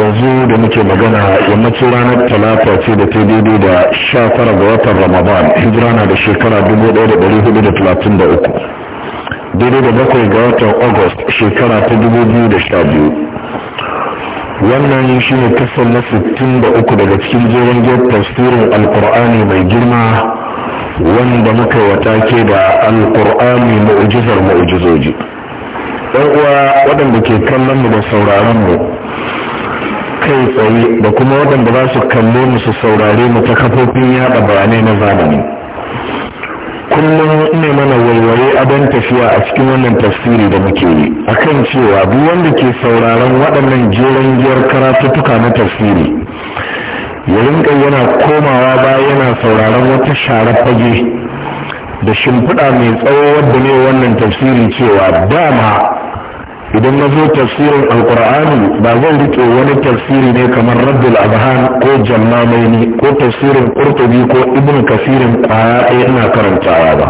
yanzu da muke magana yammacin ranar talata ce da ta daidai da sha tara ga watan ramadan hijira na da shekara 1433 daidai da bakwai ga watan august shekara ta 2012 wannan shi ne kasar na 63 daga cikin jerin gyar tafsirin alkur'ani mai girma wanda muka watake da alkur'ani ma'ujizar ma'ujizoji ɗan uwa waɗanda ke kallon mu da sauraron mu kai tsaye da kuma waɗanda za su kalle mu su saurare mu ta kafofin yaɗa bayanai na zamani kullum ne mana waiwaye abin tafiya a cikin wannan tafsiri da muke yi kan cewa duk wanda ke sauraron waɗannan jeren giyar karatuttuka na tafsiri ya rinka yana komawa ba yana sauraron wata share fage da shimfiɗa mai tsawo wadda ne wannan tafsiri cewa dama idan na zo tafsirin alkur'ani ba zan rike wani tafsiri ne kamar rabbul abhan ko jammamaini ko tafsirin qurtubi ko Ibn kasirin kwaya ɗaya ina karantawa ba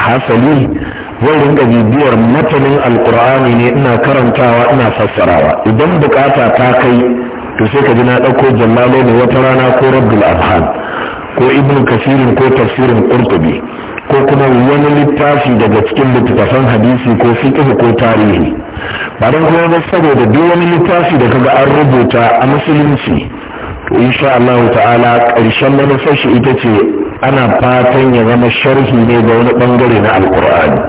hasali zan rinka bibiyar matanin alkur'ani ne ina karantawa ina fassarawa idan bukata ta kai to sai ka ji na ɗauko jammamaini wata rana ko rabbul abhan ko ibnu kasirin ko tafsirin qurtubi ko kuma wani littafi daga cikin littattafan hadisi ko fiqh ko tarihi ba don kuma ba saboda duk wani littafi da kaga an rubuta a musulunci to insha Allah ta'ala ƙarshen manufar shi ita ce ana fatan ya zama sharhi ne ga wani bangare na alkur'ani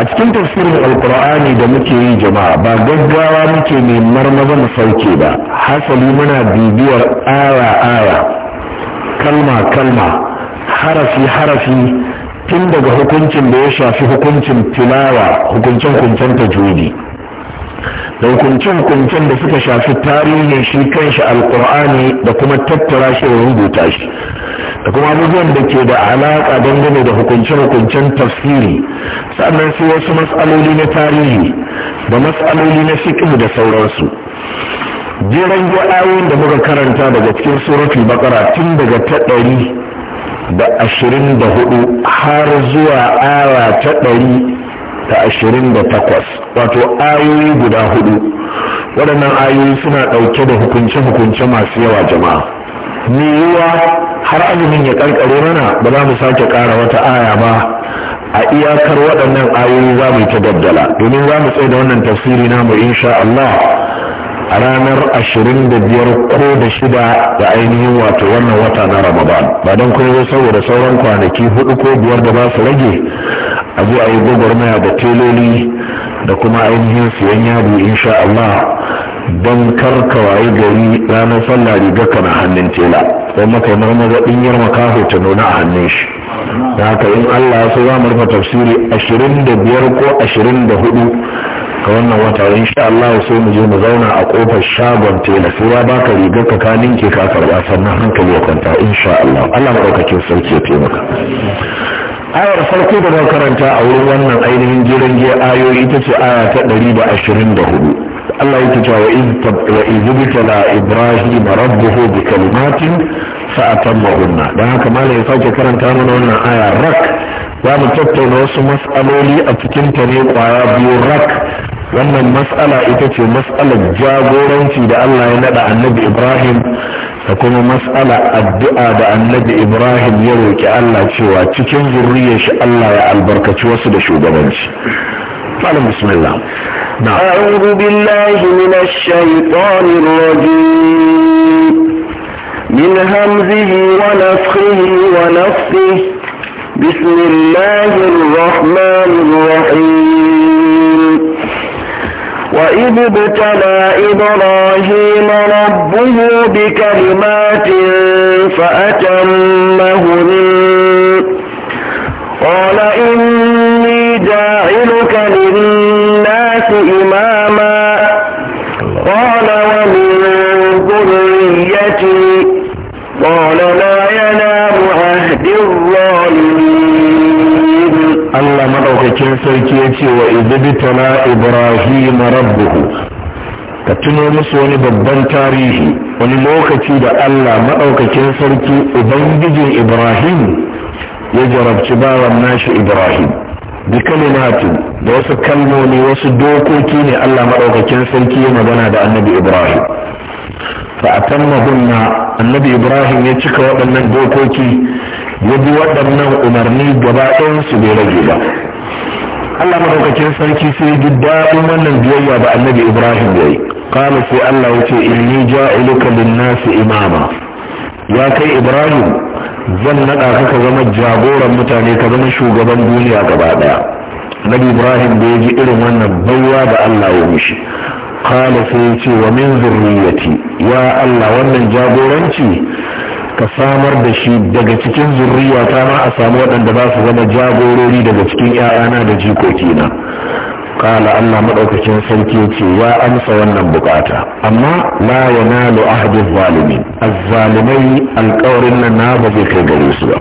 a cikin tafsirin alkur'ani da muke yi jama'a ba gaggawa muke mai marmaza mu sauke ba hasali muna bibiyar ara ara kalma kalma harafi harafi tun daga hukuncin da ya shafi hukuncin tilawa hukuncin kuncen tajwidi da hukuncin hukuncin da suka shafi tarihin shi kanshi alkur'ani da kuma tattara shi da rubuta shi da kuma abubuwan da ke da alaƙa dangane da hukuncin hukuncen tafsiri sannan sai wasu matsaloli na tarihi da matsaloli na fiƙi da sauransu jiran ayoyin da muka karanta daga cikin suratul bakara tun daga ta ɗari da ashirin da hudu har zuwa awa ta ɗari da ashirin da takwas wato ayoyi guda hudu waɗannan ayoyi suna ɗauke da hukunce-hukunce masu yawa jama'a me yiwuwa har azumin ya ƙarƙare mana ba za mu sake ƙara wata aya ba a iyakar waɗannan ayoyi za mu yi ta daddala domin za mu tsaye da wannan tafsiri namu insha Allah a ranar ashirin da biyar ko da shida da ainihin wato wannan wata na ramadan ba don kuma saboda sauran kwanaki hudu ko biyar da ba su rage a zo a yi gwagwarmaya da teloli da kuma ainihin siyan yadu insha Allah don karkawaye gari ranar sallah riga kana hannun tela don maka yar ɗinyar makaho ta nuna a hannun shi da haka in Allah ya so za mu rufe tafsiri ashirin da biyar ko ashirin da hudu ka wannan wata insha Allah sai mu je mu zauna a kofar shagon tela sai ya baka rigar ka ka ninke ka karba sannan hankali ya kwanta insha Allah Allah madaukakin sarki ya taimaka ayar farko da zan karanta a wurin wannan ainihin jiran ge ayoyi ita ce aya ta 124 Allah yake cewa wa izbitala ibrahim rabbuhu bi kalimatin fa atammahunna dan haka malai ya sake karanta mana wannan aya rak za mu tattauna wasu matsaloli a cikin ta ne kwaya biyu rak wannan matsala ita ce matsalar jagoranci da Allah ya nada annabi Ibrahim da kuma matsala addu'a da annabi Ibrahim ya roƙi Allah cewa cikin zurriyar shi Allah ya albarkaci wasu da shugabanci malam bismillah na'am a'udhu billahi minash shaitanir rajim min hamzihi wa nafthihi wa بسم الله الرحمن الرحيم وإذ ابتلى إبراهيم ربه بكلمات فأتمهن قال إني جاعلك للناس إماما قال ومن ذريتي قال Allah madaukakin sarki ya ce wa izibitala Ibrahim rabbuhu ka tuno musu wani babban tarihi wani lokaci da Allah madaukakin sarki ubangijin Ibrahim ya jarabci bawan nashi Ibrahim bi kalimatin da wasu kalmomi wasu dokoki ne Allah madaukakin sarki ya magana da annabi Ibrahim fa atamma hunna annabi Ibrahim ya cika waɗannan dokoki ya bi waɗannan umarni gaba su bai rage ba Allah madaukakin sarki sai ji daɗin wannan biyayya da annabi Ibrahim ya yi kala sai Allah ya ce inni ja'iluka lin imama ya kai Ibrahim zan naɗa ka ka zama jagoran mutane ka zama shugaban duniya gaba ɗaya Nabi Ibrahim da ya ji irin wannan baiwa da Allah ya mishi kala sai ya ce wa min zurriyati ya Allah wannan jagoranci ka samar da shi daga cikin zurriya ta ma a samu waɗanda ba su zama jagorori daga cikin ‘ya'yana da jikokina kala Allah maɗaukacin sarki ce ya amsa wannan bukata amma la ya nalo ahadin azzalimai alkawarin nan na ba zai kai gare su ba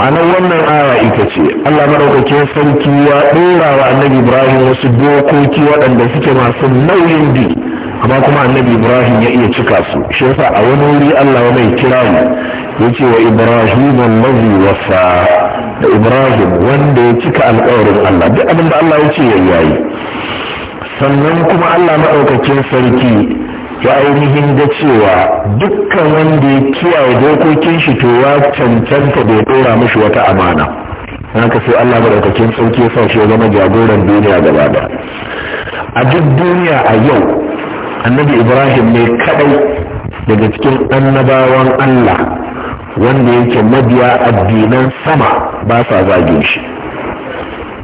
ma'anar wannan aya ita ce Allah maɗaukacin sarki ya ɗora wa annabi Ibrahim wasu dokoki waɗanda suke masu nauyin bi amma kuma annabi ibrahim ya iya cika su shi yasa a wani wuri allah mai kira mu ya ce wa ibrahim allazi wasa da ibrahim wanda ya cika alkawarin allah duk abin da allah ya ce ya yayi sannan kuma allah maɗaukakin sarki ya ainihin da cewa dukkan wanda ya kiyaye dokokin shi to ya cancanta da ya ɗora mashi wata amana haka sai allah maɗaukakin sarki ya sa shi ya zama jagoran duniya gaba da a duk duniya a yau annabi ibrahim ne kadai daga cikin annabawan allah wanda yake mabiya addinan sama ba sa zage shi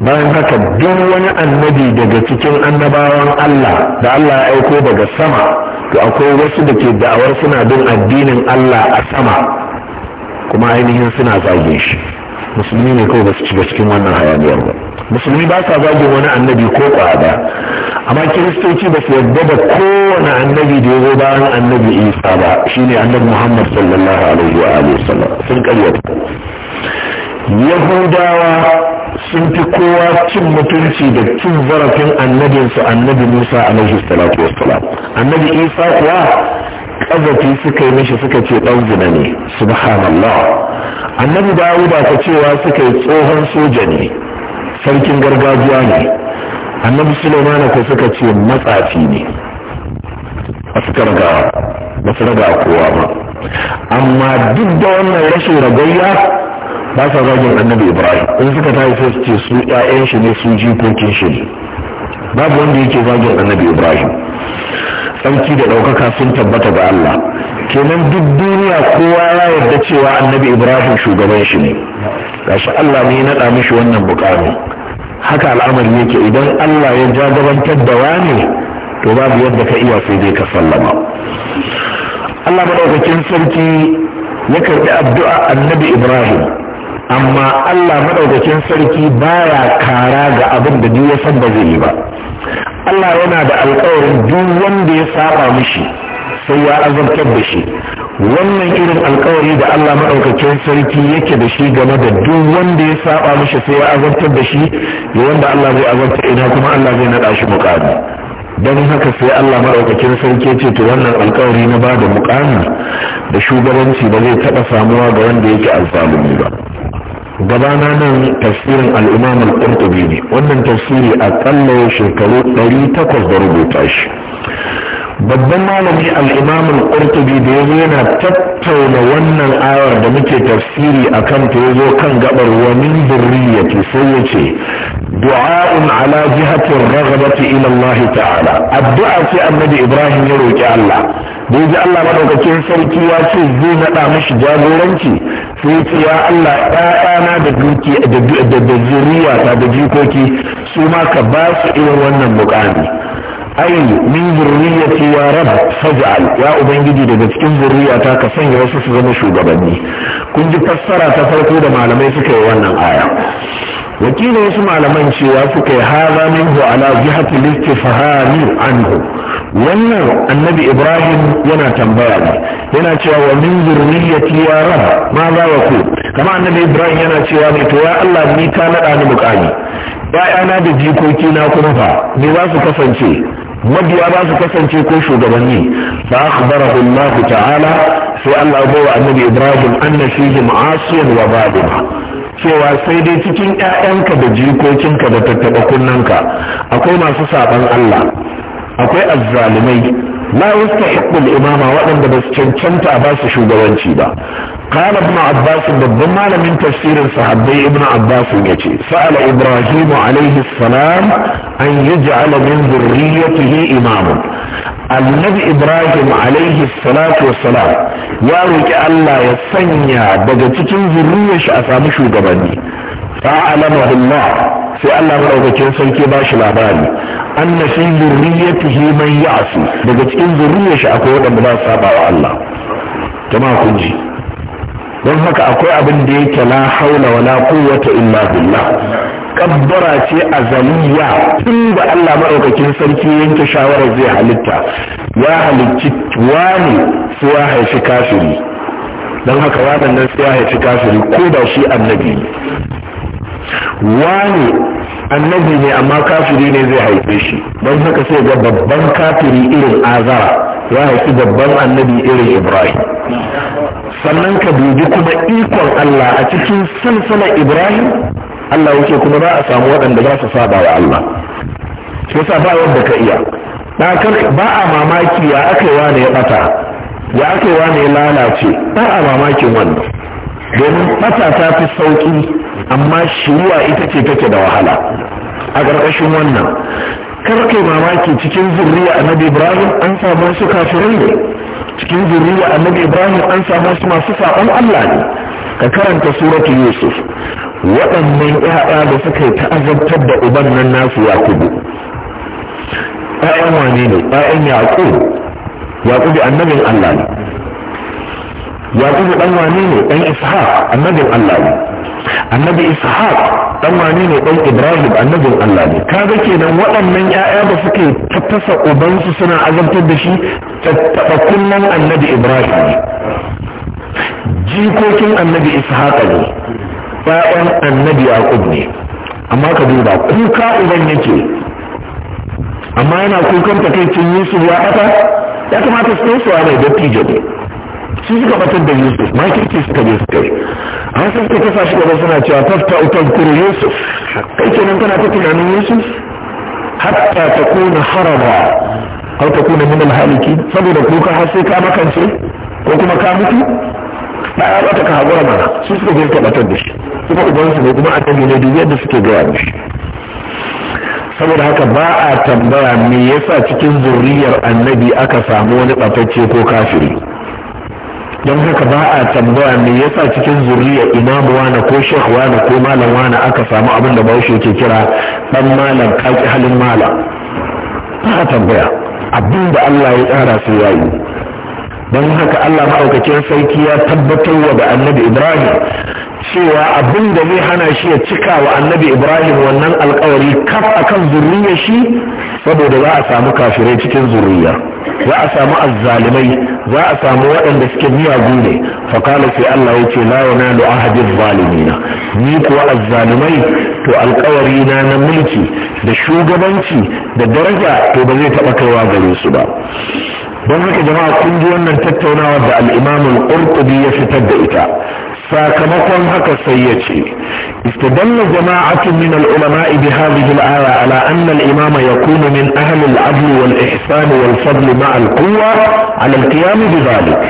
bayan haka duk wani annabi daga cikin annabawan allah da allah ya aiko daga sama to akwai wasu da ke da'awar suna bin addinin allah a sama kuma ainihin suna zage shi musulmi ne kawai ba su shiga cikin wannan hayaniyar ba musulmi ba sa zagin wani annabi ko kwada amma kiristoci ba su yarda da kowane annabi da ya zo bayan annabi isa ba shine annabi muhammad sallallahu alaihi wa alihi wasallam sun karyata yahudawa sun fi kowa cin mutunci da cin zarafin annabinsu annabi musa alaihi salatu wassalam annabi isa kuwa ƙazafi suka yi mishi suka ce ɗan zina ne subhanallah annabi dawuda ta cewa suka yi tsohon soja ne sarkin gargajiya ne annabi suleiman ko suka ce matsafi ne ba raga ba su raga kowa ba amma duk da wannan rashin ragayya ba sa zagin annabi ibrahim in suka tafi sai su ce su 'ya'yan shi ne su jikokin shi ne babu wanda yake zagin annabi ibrahim tsarki da ɗaukaka sun tabbata ga Allah kenan duk duniya kowa ya yarda cewa annabi ibrahim shugaban shi ne gashi Allah ne ya naɗa mishi wannan buƙatu haka al'amari yake idan Allah ya jagabantar da wani to babu yadda ka iya sai dai ka sallama Allah maɗaukakin sarki ya karɓi addu'a annabi ibrahim amma Allah maɗaukakin sarki baya kara ga abin da duk ya san ba zai yi ba Allah yana da alkawarin duk wanda ya saba mishi sai ya azabtar da shi wannan irin alkawari da Allah maɗaukakin sarki yake da shi game da duk wanda ya saba mishi sai ya azabtar da shi ya wanda Allah zai azabta ina kuma Allah zai naɗa shi mukami don haka sai Allah maɗaukakin sarki ce to wannan alkawari na ba da mukami da shugabanci ba zai taɓa samuwa ga wanda yake alfalumi ba gabana nan tafsirin al'imam al'urtubi ne wannan tafsiri akalla shekaru 800 da rubuta shi babban malami Al'imamin ƙurtubi al ya da yazo yana tattauna wannan ayar da muke tafsiri akan ta zo kan gabar wani min dhurriyyati sai ce. du'a'un ala jihati ar ila Allah ta'ala addu'a ce annabi Ibrahim ya roki Allah da ji Allah maɗaukakin sarki ya ce zai naɗa mashi jagoranci sai ce ya Allah ɗana da duki da da zuriya ta da jikoki su ma ka ba su irin wannan muƙami ai min zurriyati ya rab faj'al ya ubangiji daga cikin zurriyata ka sanya wasu su zama shugabanni kun ji fassara ta farko da malamai suka yi wannan aya wakilin su malaman cewa suka yi haza minhu ala jihati listifhami anhu wannan annabi ibrahim yana tambaya ne yana cewa wa min zurriyati ya rab ma za wa ku kama annabi ibrahim yana cewa ne to ya Allah ni ka nada ni mukami ya'yana da jikoki na kuma fa me za su kasance mabiya ba su kasance ko shugabanni fa akhbarahu Allah ta'ala sai Allah ya bawa annabi Ibrahim anna fihi ma'asiyan wa badima cewa sai dai cikin ƴaƴanka da jikokinka da tattaɓa kunnanka akwai masu saban Allah akwai azzalumai la yastahiqqu al-imama waɗanda ba su cancanta a basu shugabanci ba qala ibn abbas babban malamin tafsirin sahabbai ibn abbas yace sa'ala ibrahim alayhi salam an yaj'ala min dhurriyyatihi imaman annabi ibrahim alayhi salatu wassalam ya roki Allah ya sanya daga cikin zurriyar shi a samu shugabanni fa'alamahu Allah sai Allah maɗaukakin sarki ba shi labari anna fi ya man ya'si daga cikin zurriyar shi akwai wanda ba saba wa Allah jama'a kun ji don haka akwai abin da yake la haula wala quwwata illa billah kabbara ce azaliya tun da Allah maɗaukakin sarki yanke shawarar zai halitta ya halicci wani su ya haifi kafiri don haka waɗannan su ya haifi kafiri ko ba shi annabi wani annabi ne amma kafiri ne zai haife shi don haka sai ga babban kafiri irin azara ya haifi babban annabi irin ibrahim sannan ka dubi kuma ikon allah a cikin silsilar ibrahim allah yake kuma za a samu waɗanda za su saba wa allah shi sa ba wanda ka iya ba a mamaki ya aka yi wani ya ɓata? ya aka yi wani ya lalace ba a mamakin wannan domin matasa ta fi sauƙi amma shiruwa ita ce take da wahala a ƙarƙashin wannan kar mamaki cikin zurriya annabi ibrahim an samu wasu kafirai ne cikin zurriya annabi ibrahim an samu wasu masu saɓon allah ne ka karanta suratu yusuf waɗannan ƴaƴa da suka yi ta'azabtar da uban nan nasu yakubu ƴaƴan wane ne ƴaƴan yaƙub yaƙubi annabin allah ne yaqubu dan wane ne dan ishaq annabin allah ne annabi ishaq dan wane ne dan ibrahim annabin allah ne kaga kenan waɗannan ƴaƴa da suke tattasa ubansu suna azabtar da shi tattaɓa kunnan annabi ibrahim ne jikokin annabi ishaq ne ƴaƴan annabi yakub ne amma ka duba kuka uban yake amma yana kukan takaicin yusuf ya ɓata ya kamata su yi mai dattijo ne Sun suka batar da yusuf makirci suka je suka yi an wasu suka kasa shi gaba suna cewa tafta utan yusuf kai kenan kana ta tunanin yusuf hatta ta kuna haraba har ta kuna minal haliki saboda kuka har sai ka makance ko kuma ka mutu da ya bata ka hagura mana su suka je suka batar da shi kuma ubansu ne kuma annabi ne duk yadda suke gaya mishi saboda haka ba a tambaya me yasa cikin zurriyar annabi aka samu wani batacce ko kafiri don haka ba a tambaya me yasa cikin zuriya imamu wani ko shekh wani ko malam wani aka samu abin da bahaushe ke kira dan malam kaki halin malam ba a tambaya abin da Allah ya tsara su yayi don haka Allah maɗaukakin sarki ya tabbatar wa da annabi Ibrahim cewa abin da zai hana shi ya cika wa annabi Ibrahim wannan alkawari kaf akan zurriya shi saboda za a samu kafirai cikin zurriya za a samu azzalimai za a samu waɗanda suke miyagu ne fakala sai Allah ya ce la yanalu ahadin zalimina ni kuwa azzalimai to alkawari na na mulki da shugabanci da daraja to ba zai taɓa kaiwa gare su ba don haka jama'a kun ji wannan tattaunawa da al'imamul qurtubi ya fitar da ita sakamakon haka sai ya ce istadalla jama'atun min al-ulama'i bi hadhihi al-aya ala anna al-imam yakunu min ahli al-'adl wal-ihsan wal-fadl ma'a al-quwwa ala al-qiyam bi dhalik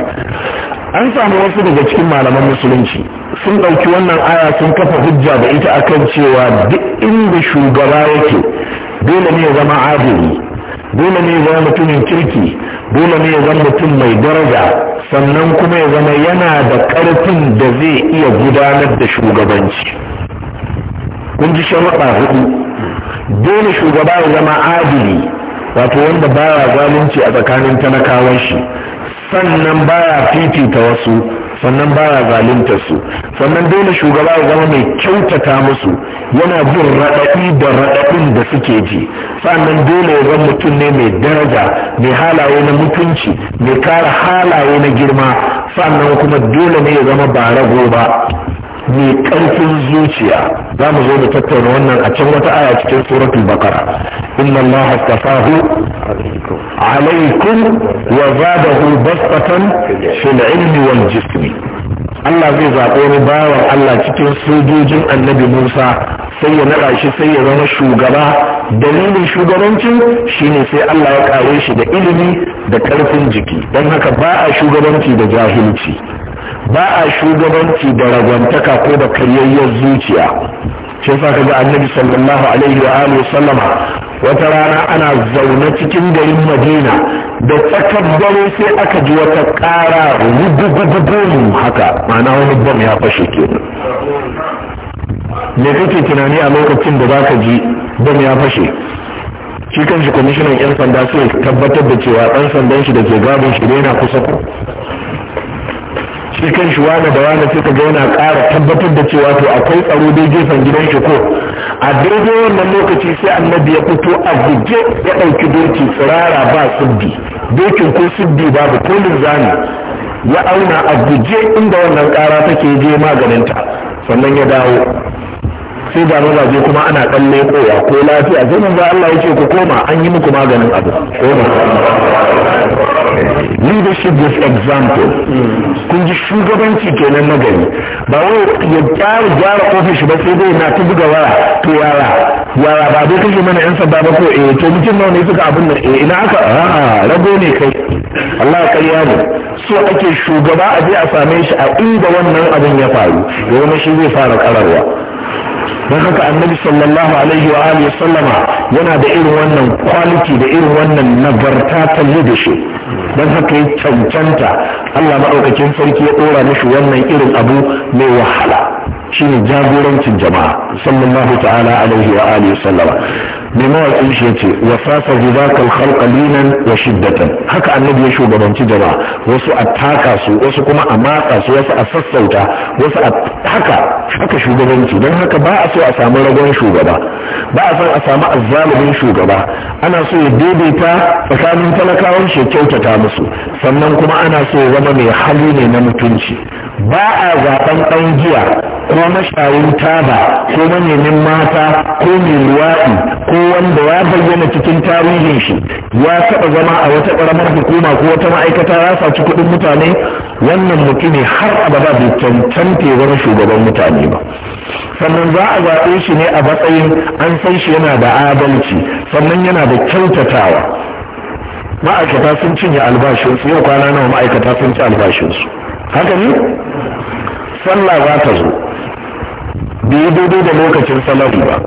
an samu wasu daga cikin malaman musulunci sun ɗauki wannan aya sun kafa hujja da ita akan cewa duk inda shugaba yake dole ne ya zama adali dole ne ya zama mutumin kirki dole ne ya zama mutum mai daraja sannan kuma ya zama yana da karfin da zai iya gudanar da shugabanci kun ji sharaɗa hudu dole shugaba ya zama adili wato wanda baya zalunci a tsakanin talakawan shi sannan baya fifita wasu sannan baya zaluntar su sannan dole shugaba ya zama mai kyautata musu yana bin raɗaɗi da raɗaɗin da suke ji sannan dole ya zama mutum ne mai daraja mai halaye na mutunci mai kara halaye na girma sannan kuma dole ne ya zama ba rago ba mai ƙarfin zuciya za mu zo mu tattauna wannan a can wata aya cikin suratul bakara inna allaha astafahu alaikum wa zadahu bastatan fil ilmi wal jismi Allah zai zaɓo wani bawan Allah cikin sojojin annabi Musa sai ya naɗa shi sai ya zama shugaba dalilin shugabancin shine sai Allah ya ƙare shi da ilimi da ƙarfin jiki don haka ba a shugabanci da jahilci ba a shugabanci da ragwantaka ko da karyayyar zuciya shi yasa kaga annabi sallallahu alaihi wa alihi sallama wata rana ana zaune cikin garin madina da tsakar dare sai aka ji wata ƙara rugugugugun haka ma'ana wani bam ya fashe kenan me kake tunani a lokacin da zaka ji bam ya fashe shi kan shi kwamishinan yan sanda sai tabbatar da cewa ɗan sandan shi da ke gabin shi yana kusa ku shi kan shi wane da wane sai ka ga yana ƙara tabbatar da cewa to akwai tsaro da gefen gidan shi ko a daidai wannan lokaci sai annabi ya fito a guje ya ɗauki doki tsirara ba sibbi dokin ko ba babu ko linzami ya auna a guje inda wannan ƙara take je maganinta sannan ya dawo sai ba mazaje kuma ana kalle koya ko lafiya sai manzo Allah ya ce ku koma an yi muku maganin abu koma leadership is example kun ji shugabanci kenan na gari ba wai ya tsara gyara ofis ba sai dai na ta buga waya to yara yara ba dai kashe mana yan sabba ba ko eh to mutum nawa ne suka abin nan eh ina aka a'a rago ne kai Allah ya kariya ne so ake shugaba a je a same shi a inda wannan abin ya faru ya zama shi zai fara kararwa don haka annabi sallallahu alaihi wa alihi sallama yana da irin wannan kwaliti da irin wannan nagarta ta shi don haka ya cancanta Allah maɗaukakin sarki ya ɗora mishi wannan irin abu mai wahala shine jagorancin jama'a sallallahu ta'ala alaihi wa alihi sallama mai mawaƙin shi ce wa sasa zubaka al-khalqa linan wa shiddatan haka annabi ya shugabanci jama'a wasu a taka su wasu kuma a matsa su wasu a sassauta wasu a haka haka shugabanci don haka ba a so a samu ragon shugaba ba a son a samu azzalumin shugaba ana so ya daidaita tsakanin talakawan shi kyautata musu sannan kuma ana so ya zama mai hali ne na mutunci ba a zaben ɗan jiya ko mashayin taba ko manemin mata ko mai luwaɗi ko ko wanda ya bayyana cikin tarihin shi ya taɓa zama a wata ƙaramar hukuma ko wata ma'aikata ya saci kuɗin mutane wannan mutumin har abada bai cancanta wani shugaban mutane ba sannan za a zaɓe shi ne a matsayin an san shi yana da adalci sannan yana da kyautatawa ma'aikata sun cinye albashinsu yau kwana nawa ma'aikata sun ci albashinsu haka ne sallah za ta zo bai daidai da lokacin salari ba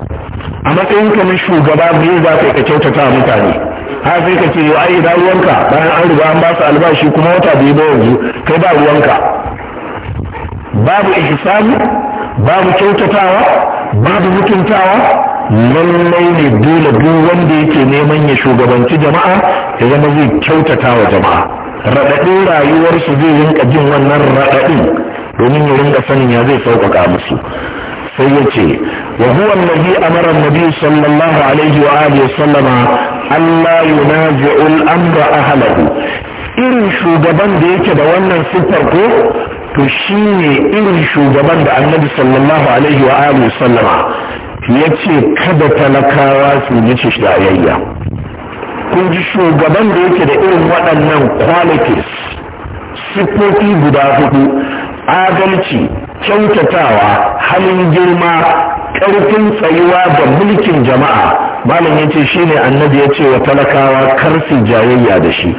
a matsayin ka na shugaba biyu za ka kyautata mutane har sai ka ce yau ai bayan an riga an ba su albashi kuma wata biyu ba yanzu kai ba ruwanka babu ihsani babu kyautatawa babu mutuntawa lallai ne dole duk wanda yake neman ya shugabanci jama'a ya zama zai kyautata wa jama'a raɗaɗin rayuwarsu zai rinka jin wannan raɗaɗin domin ya rinka sanin ya zai sauƙaƙa musu sai ya ce wa huwa alladhi amara nabi sallallahu alaihi wa alihi sallama alla yunazi'u al-amra ahlihi irin shugaban da yake da wannan sifar ko to shine irin shugaban da annabi sallallahu alaihi wa alihi sallama yace kada talakawa su ji shayayya kun ji shugaban da yake da irin waɗannan qualities siffofi guda hudu adalci kyautatawa halin girma ƙarfin tsayuwa da mulkin jama'a malam ya ce shine annabi ya ce wa talakawa kar su jayayya da shi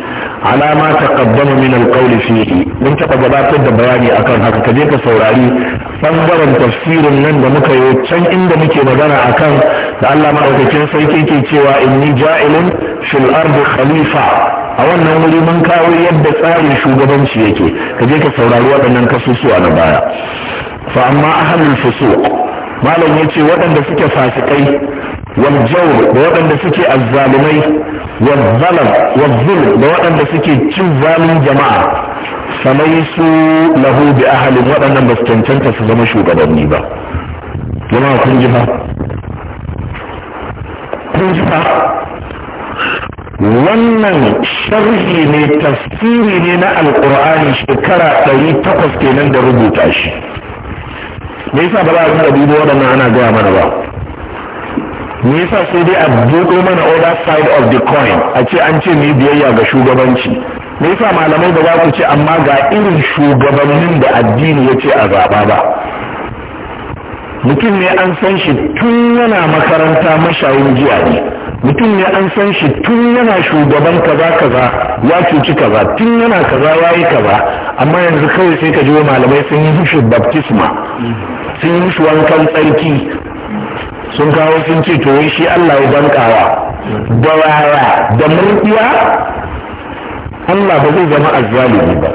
alama ta kaddama min alƙauli fihi mun taɓa gabatar da bayani akan haka ka je ka saurari ɓangaren tafsirin nan da muka yi can inda muke magana akan da Allah maɗaukakin sarki ke cewa inni ja'ilun fil ardi khalifa a wannan wuri mun kawo yadda tsarin shugabanci yake ka je ka saurari waɗannan kasusuwa kasusuwa na baya fa amma ahlul fusuq malam yace waɗanda suke fasikai wal jawr da waɗanda suke azzalumai wal zalam wal zulm da waɗanda suke cin zalin jama'a falaisu lahu bi ahlin waɗannan ba su cancanta su zama shugabanni ba jama'a kun ji fa kun ji fa wannan sharhi ne tafsiri ne na Alƙur'ani shekara ɗari takwas kenan da rubuta shi me yasa ba za a fara dubo waɗannan ana gaya mana ba me yasa sai dai a buɗo mana other side of the coin a ce an ce mu biyayya ga shugabanci me yasa malamai ba za ku ce amma ga irin shugabannin da addini ya ce a zaɓa ba mutum ne an san shi tun yana makaranta mashayin jiya ne mutum ne an san shi tun yana shugaban kaza kaza ya cuci kaza tun yana kaza ya kaza amma yanzu kawai sai ka ji malamai sun yi mishi baptisma sun yi mishi wankan tsarki sun kawo sun ce to shi Allah ya bankawa da waya da murkiya Allah ba zai zama azzalimi ba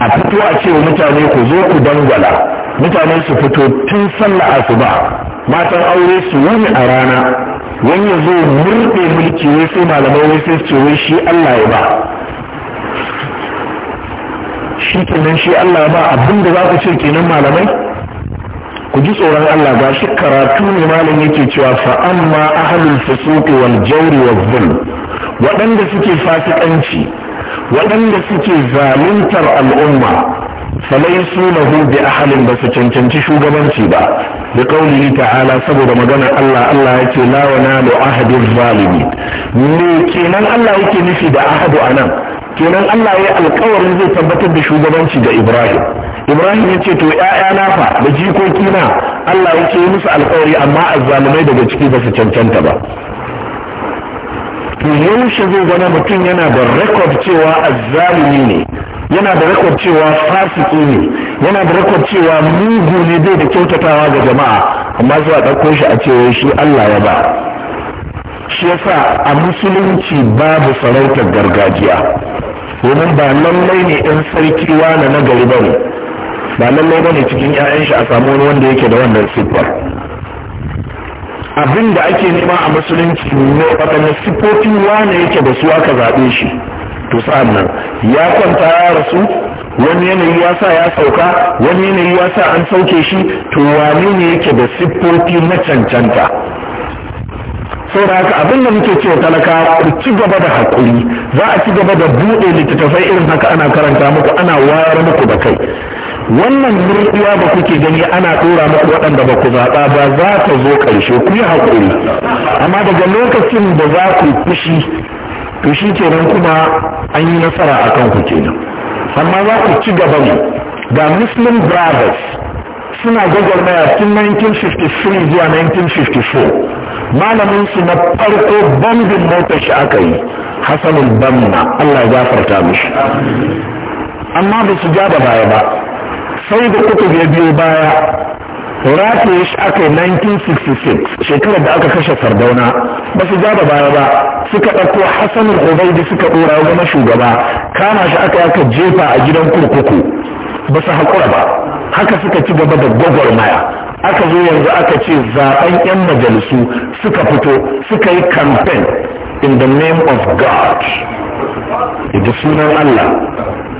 a fito a ce wa mutane ku zo ku dangwala mutane su fito tun sallah asuba matan aure su wani a rana wani ya zo murɗe mulki wai sai malamai wai sai su wai shi Allah ya ba shi kenan shi Allah ba abin da za ku ce kenan malamai ku ji tsoron Allah ga shi karatu ne malam yake cewa fa amma ahlul fusuqi wal jawri wal zulm waɗanda suke fasikanci waɗanda suke zaluntar al'umma falaisu lahu a ahalin ba su cancanci shugabanci ba da kaulihi ta'ala saboda maganar Allah Allah yake lawana wa nalu ahadin zalimi me kenan Allah yake nufi da ahadu a nan. kenan Allah ya alkawarin zai tabbatar da shugabanci ga Ibrahim Ibrahim ya ce to ‘ya'yana fa da jikoki na Allah ya ce musu alkawari amma azzalumai daga ciki ba su cancanta ba to yaushe zai zama mutum yana da rekod cewa azzalumi ne yana da rakwar cewa fasiki ne yana da rakwar cewa mugu ne bai da kyautatawa ga jama'a amma zuwa ɗauko shi a cewa shi Allah ya ba shi yasa a musulunci babu sarautar gargajiya domin ba lallai ne ɗan sarki wane na gari ba ne ba lallai ba ne cikin 'ya'yan shi a samu wani wanda yake da wannan siffar abin da ake nema a musulunci ne waɗanne siffofin wane yake da su aka zaɓe shi to sa'an nan ya kwanta ya rasu wani yanayi ya sa ya sauka wani yanayi ya sa an sauke shi to wani ne yake da siffofi na cancanta saboda haka abin da muke cewa talaka ku ci gaba da haƙuri za a ci gaba da buɗe littattafai irin haka ana karanta muku ana wayar muku da kai wannan murɗiya ba kuke gani ana ɗora muku waɗanda ba ku zaɓa ba za ta zo ƙarshe ku yi haƙuri amma daga lokacin da za ku fushi to shi kenan kuma an yi nasara a kan kuke kenan amma za ku ci gaba ne ga muslim brothers suna gwagwarmaya tun 1953 zuwa 1954 malamin su na farko bambin mota shi aka yi hasanul banna allah ya farta mishi amma ba su ja da baya ba sai da kuka ya biyo baya rataye shi aka yi 1966 shekarar da aka kashe sardauna ba su ja baya ba suka ɗauko hassan da suka ɗora zama shugaba kama shi aka aka jefa a gidan kurkuku ba su haƙura ba haka suka ci gaba da maya aka zo yanzu aka ce zaɓen yan majalisu suka fito suka yi campaign in the name of god da sunan allah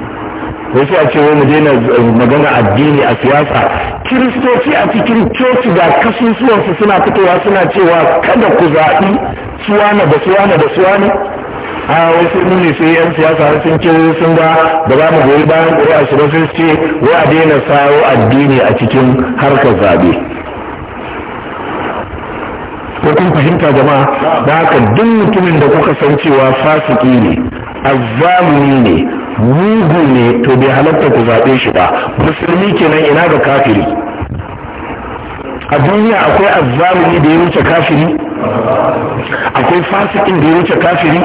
wasu a ce mu daina eh, magana addini a siyasa kiristoci a cikin coci da kasusuwansu suna fitowa suna cewa kada ku zaɓi suwane da suwane da suwane a wasu ne sai yan siyasa sun ce sun ga da za mu goyi bayan ƙuri'a su ba sun ce wa a daina sawo addini a cikin harkar zaɓe ko kun fahimta jama'a da haka duk mutumin da kuka san cewa fasiki ne azzalumi ne mugu ne to bai halatta ku zaɓe shi ba musulmi kenan ina ga kafiri a duniya akwai azzalumi da ya wuce kafiri akwai fasikin da ya wuce kafiri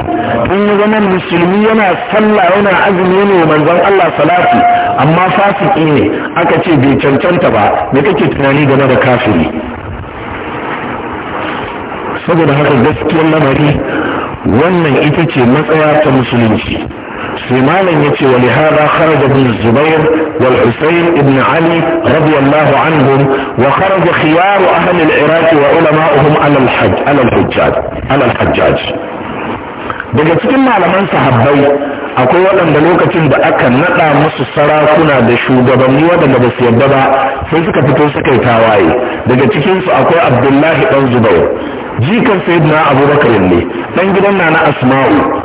in ya zama musulmi yana sallah yana azumi ne manzon Allah salati amma fasiki ne aka ce bai cancanta ba me kake tunani game da kafiri saboda haka gaskiyar lamari wannan ita ce matsaya ta musulunci sai malam ya ce wani hada kharaj ibn zubair wal husayn ibn ali radiyallahu anhum wa kharaj khiyar ahli al-iraq wa ulama'uhum ala al-hajj ala al-hujjaj ala al-hajjaj daga cikin malaman sahabbai akwai waɗanda lokacin da aka naɗa musu sarakuna da shugabanni waɗanda ba su yarda ba sai suka fito suka yi tawaye daga cikinsu akwai abdullahi ɗan zubair jikan sayyidina abubakar ne ɗan gidan na na asma'u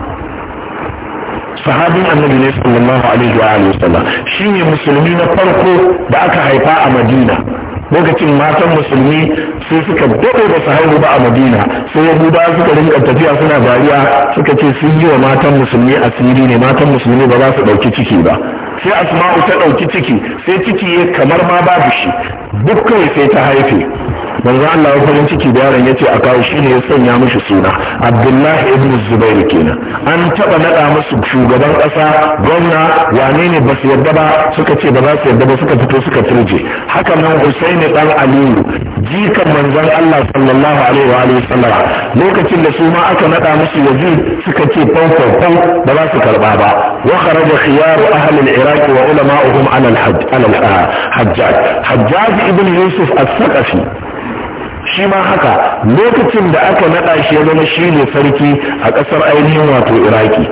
sahabin annabi ne sallallahu alaihi wa alihi wasallam shine musulmi na farko da aka haifa a madina lokacin matan musulmi sai suka daɗe da su haihu ba a madina sai yahuda suka rinka tafiya suna dariya suka ce sun yi wa matan musulmi asiri ne matan musulmi ba za su ɗauki ciki ba sai asma'u ta ɗauki ciki sai ciki ya kamar ma babu shi dukkan sai ta haife manzo Allah ya farin ciki da yaron yace a kawo shi ne ya sanya mishi suna Abdullahi ibn Zubair kenan an taba nada musu shugaban kasa gwamna wane ne basu yadda ba suka ce ba za su yadda ba suka fito suka turje haka nan Husaini dan Aliyu jikan manzon Allah sallallahu alaihi wa alihi sallam lokacin da su ma aka nada musu Yazid suka ce fau fau ba za su karba ba wa kharaja khiyaru ahli al العراق وعلماؤهم على الحج على الحجاج حجاج ابن يوسف الثقفي shi ma haka lokacin da aka naɗa shi ya zama shi ne sarki a ƙasar ainihin wato iraki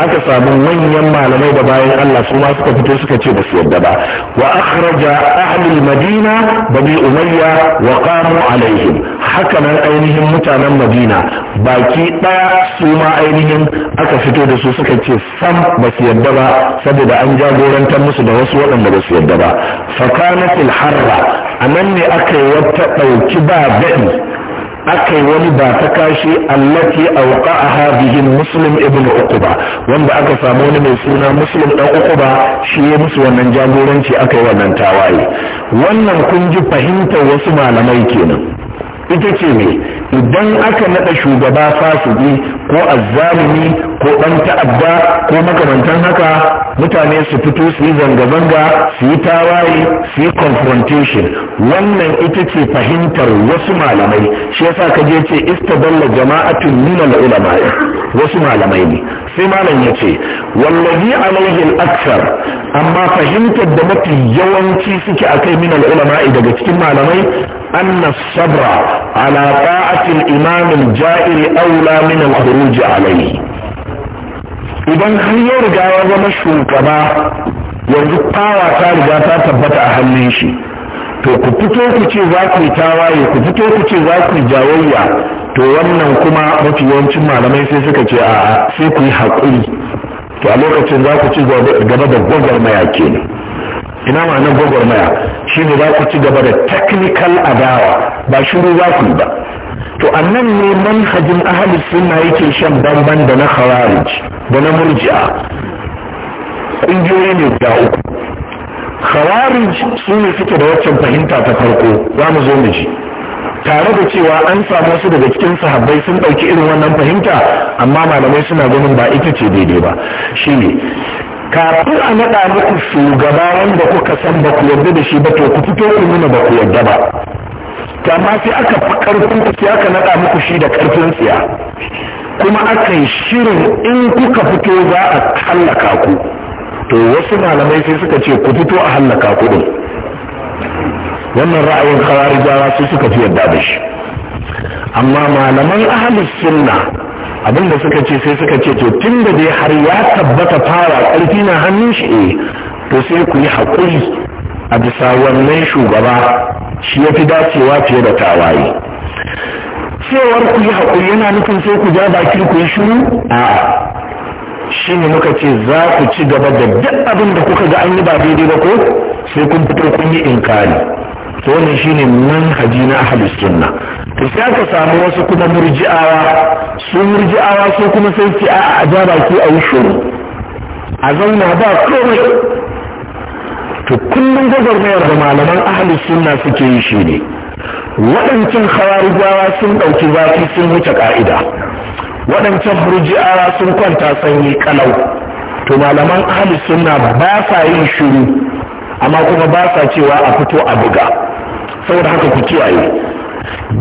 aka samu manyan malamai da bayan Allah su ma suka fito suka ce ba su yadda ba wa akhraja ahlul madina bani umayya wa qamu alaihim haka nan ainihin mutanen madina baki daya su ma ainihin aka fito da su suka ce sam ba su yadda ba saboda an jagorantar musu da wasu waɗanda ba su yadda ba fakanatil harra anan ne aka yi wata ɗauki ba daɗi aka yi wani ba ta kashi allati auka a habihin muslim ibn ukuba wanda aka samu wani mai suna muslim dan ukuba shi ya musu wannan jagoranci aka yi wannan tawaye wannan kun ji fahimtar wasu malamai kenan ita ce ne idan aka naɗa shugaba fasiki ko azzalimi ko ɗan ta'adda ko makamantan haka mutane su fito su yi zanga-zanga su yi tawaye su yi confrontation wannan ita ce fahimtar wasu malamai shi yasa ka je ce istadalla jama'atun nuna al wasu malamai ne sai malam ya ce wallazi alayhi al-akthar amma fahimtar da mafi yawanci suke akai min al-ulama daga cikin malamai anna sabra على طاعة imamin الجائر أولى من الخروج عليه idan har ya riga ya zama shugaba yanzu fawa ta riga ta tabbata a hannun shi to ku fito ku ce za ku yi tawaye ku fito ku ce za ku yi jawayya to wannan kuma mafi yawancin malamai sai suka ce a sai ku yi haƙuri to a lokacin za ku ci gaba da gwagwarmaya ne. ina ma'anar gwagwarmaya shi ne za ku ci gaba da technical adawa ba shiru za ku ba to annan ne manhajin ahalus sunna yake shan bamban da na khawarij da na murji'a ƙungiyoyi ne da uku khawarij su ne suke da waccan fahimta ta farko za mu zo mu ji tare da cewa an samu su daga cikin sahabbai sun ɗauki irin wannan fahimta amma malamai suna ganin ba ita ce daidai ba shi ne kafin a naɗa muku shugaba wanda kuka san ba ku yarda da shi ba to ku fito ku nuna ba ku yarda ba amma sai aka fi ƙarfin ku sai aka naɗa muku shi da ƙarfin tsiya kuma aka yi shirin in kuka fito za a hallaka ku to wasu malamai sai suka ce ku fito a hallaka ku din wannan ra'ayin kawarijawa sai suka fi yarda da shi amma malaman ahlus sunna abin da suka ce sai suka ce to tun da dai har ya tabbata fara ƙarfi na hannun shi eh to sai ku yi haƙuri a bisa wannan shugaba shi ya fi dacewa fiye da tawaye cewar ku yi haƙuri yana nufin sai ku ja bakin ku yi shiru a shi ne muka ce za ku ci gaba da duk abin da kuka ga an yi ba daidai ba ko sai kun fito kun yi inkari to wannan shine manhaji na ahlus sunna to sai ka samu wasu kuma murji'awa su murji'awa su kuma sai ki a ajaba ki a yi a zauna ba komai to kullum gwagwarmayar da malaman ahlus sunna suke yi shine waɗancan khawarijawa sun ɗauki zafi sun wuce ka'ida waɗancan murji'awa sun kwanta sanyi kalau to malaman ahlus sunna ba sa yin shiru amma kuma ba sa cewa a fito a buga saboda haka ku kiyaye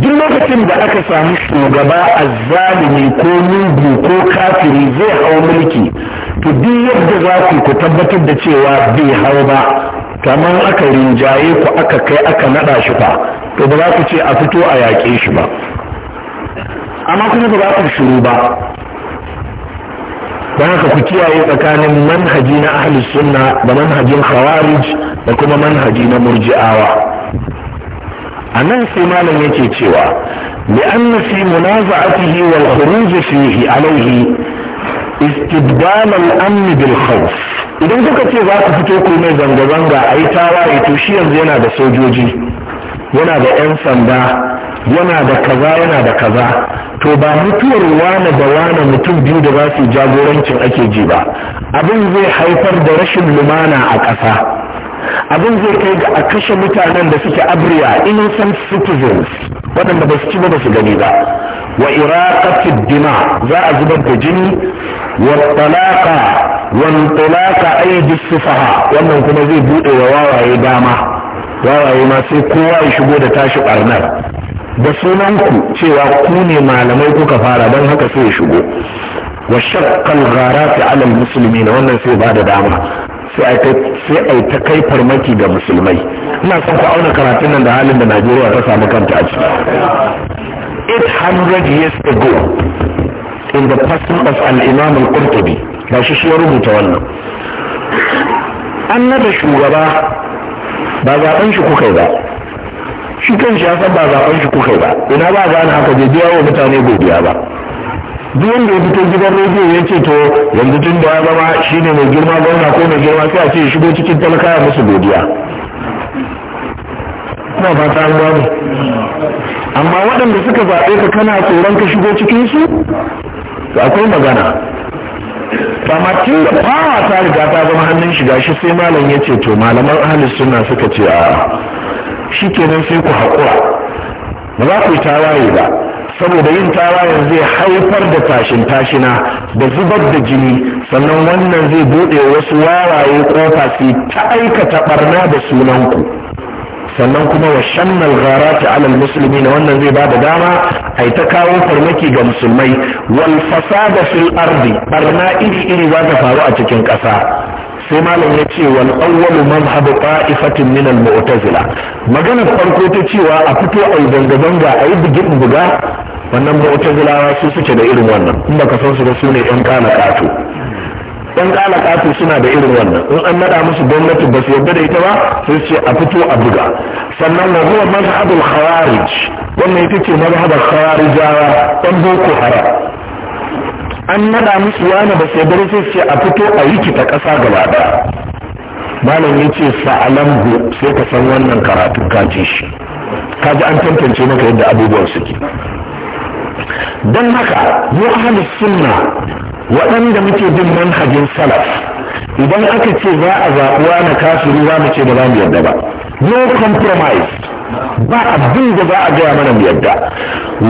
duk lokacin da aka samu shugaba a azzalimi ko mugu ko kafiri zai hau mulki to duk yadda za ku ku tabbatar da cewa bai hau ba kamar aka rinjaye ku aka kai aka nada shi fa to ba za ku ce a fito a yaƙe shi ba amma kuma ba za ku shiru ba don haka ku kiyaye tsakanin manhaji na ahli sunna da manhajin khawarij da kuma manhaji na murji'awa a nan sai malam yake cewa anna fi munaza'atihi wal khuruj fihi alayhi istibdal al-amn bil khawf idan kuka ce za ku fito ku mai zanga zanga ai yi waye to shi yanzu yana da sojoji yana da yan sanda yana da kaza yana da kaza to ba mutuwar wane da wane mutum biyu da za su jagorancin ake ji ba abin zai haifar da rashin lumana a ƙasa abin zai kai ga a kashe mutanen da suke abriya innocent citizens waɗanda ba su ci ba su gani ba wa iraqatid dima za a zubar da jini wa talaqa wa talaqa aidi sufaha wannan kuma zai buɗe wa wawaye dama wawaye ma sai kowa ya shigo da tashi ɓarnar. da sunan ku cewa ku ne malamai kuka fara don haka sai ya shigo wa fi alal musulmi na wannan sai ba da dama sai a ta kai farmaki ga musulmai ina son ku auna karatun nan da halin da Najeriya ta samu kanta a ciki 800 years ago in the person of al-imam al-qurtubi ba shi shi rubuta wannan annaba shugaba ba zaben shi kuka ba shi kan shi ya san ba zaben shi kuka ba ina ba gane haka bai biya wa mutane godiya ba duk wanda ya fito gidan rediyo ya ce to yanzu tun da ya zama shine mai girma gwamna ko mai girma sai a ce shigo cikin talakawa musu godiya kuma ba ta gane amma waɗanda suka zaɓe ka kana tsoron ka shigo cikin su akwai magana amma tun da fara ta riga ta zama hannun shiga shi sai malam ya ce to malaman ahalis suna suka ce a shi kenan sai ku haƙura ba za ku yi tawaye ba saboda yin tawayen zai haifar da tashin tashina da zubar da jini sannan wannan zai buɗe wasu wawaye kofa su ta aikata barna da sunanku sannan kuma wa shannal gharati alal musulmi na wannan zai ba da dama ai ta kawo farmaki ga musulmai wal fasada fil ardi barna iri iri za ta faru a cikin ƙasa sai malam ya ce wal awwalu mazhabu qa'ifatin min al mu'tazila maganar farko ta cewa a fito a zanga zanga yi bugin buga wannan mu'tazilawa su suke da irin wannan in baka san su da su ne yan kana kato yan kana kato suna da irin wannan in an nada musu gwamnati ba su yarda da ita ba sai ce a fito a buga sannan wa huwa mazhabul khawarij wannan ita ce mazhabar khawarijawa ɗan boko haram an nada musu wani ba sai sai ce a fito a yi kita ƙasa gaba ɗaya malam ya ce go sai ka san wannan karatu ka ce shi ka ji an tantance maka yadda abubuwan suke don haka mu ahlus sunna waɗanda muke bin manhajin salaf idan aka ce za a zaɓuwa na kafiri za mu ce ba za mu yadda ba no compromise ba abin da za a gaya mana mu yadda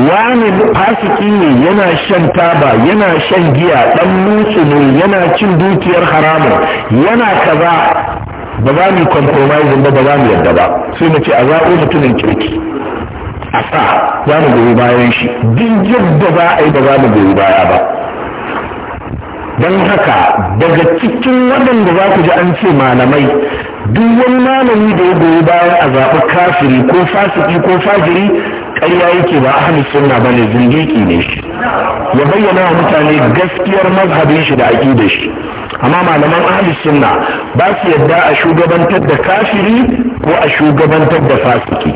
wani fasiki ne yana shan taba yana shan giya dan mutsu ne yana cin dukiyar haramun yana kaza ba za mu compromise ba ba za mu yadda ba sai mu ce a zaɓo mutumin kirki a sa za mu goyi bayan shi duk yadda za a yi ba za mu goyi baya ba don haka daga cikin waɗanda za ku ji an ce malamai duk wani malami da ya goyi bayan a zaɓi kafiri ko fasiki ko fajiri ƙarya yake ba ahlus sunna ba ne zindiki ne shi ya bayyana wa mutane gaskiyar mazhabin shi da aƙidar shi amma malaman ahli sunna ba su yadda a shugabantar da kafiri ko a shugabantar da fasiki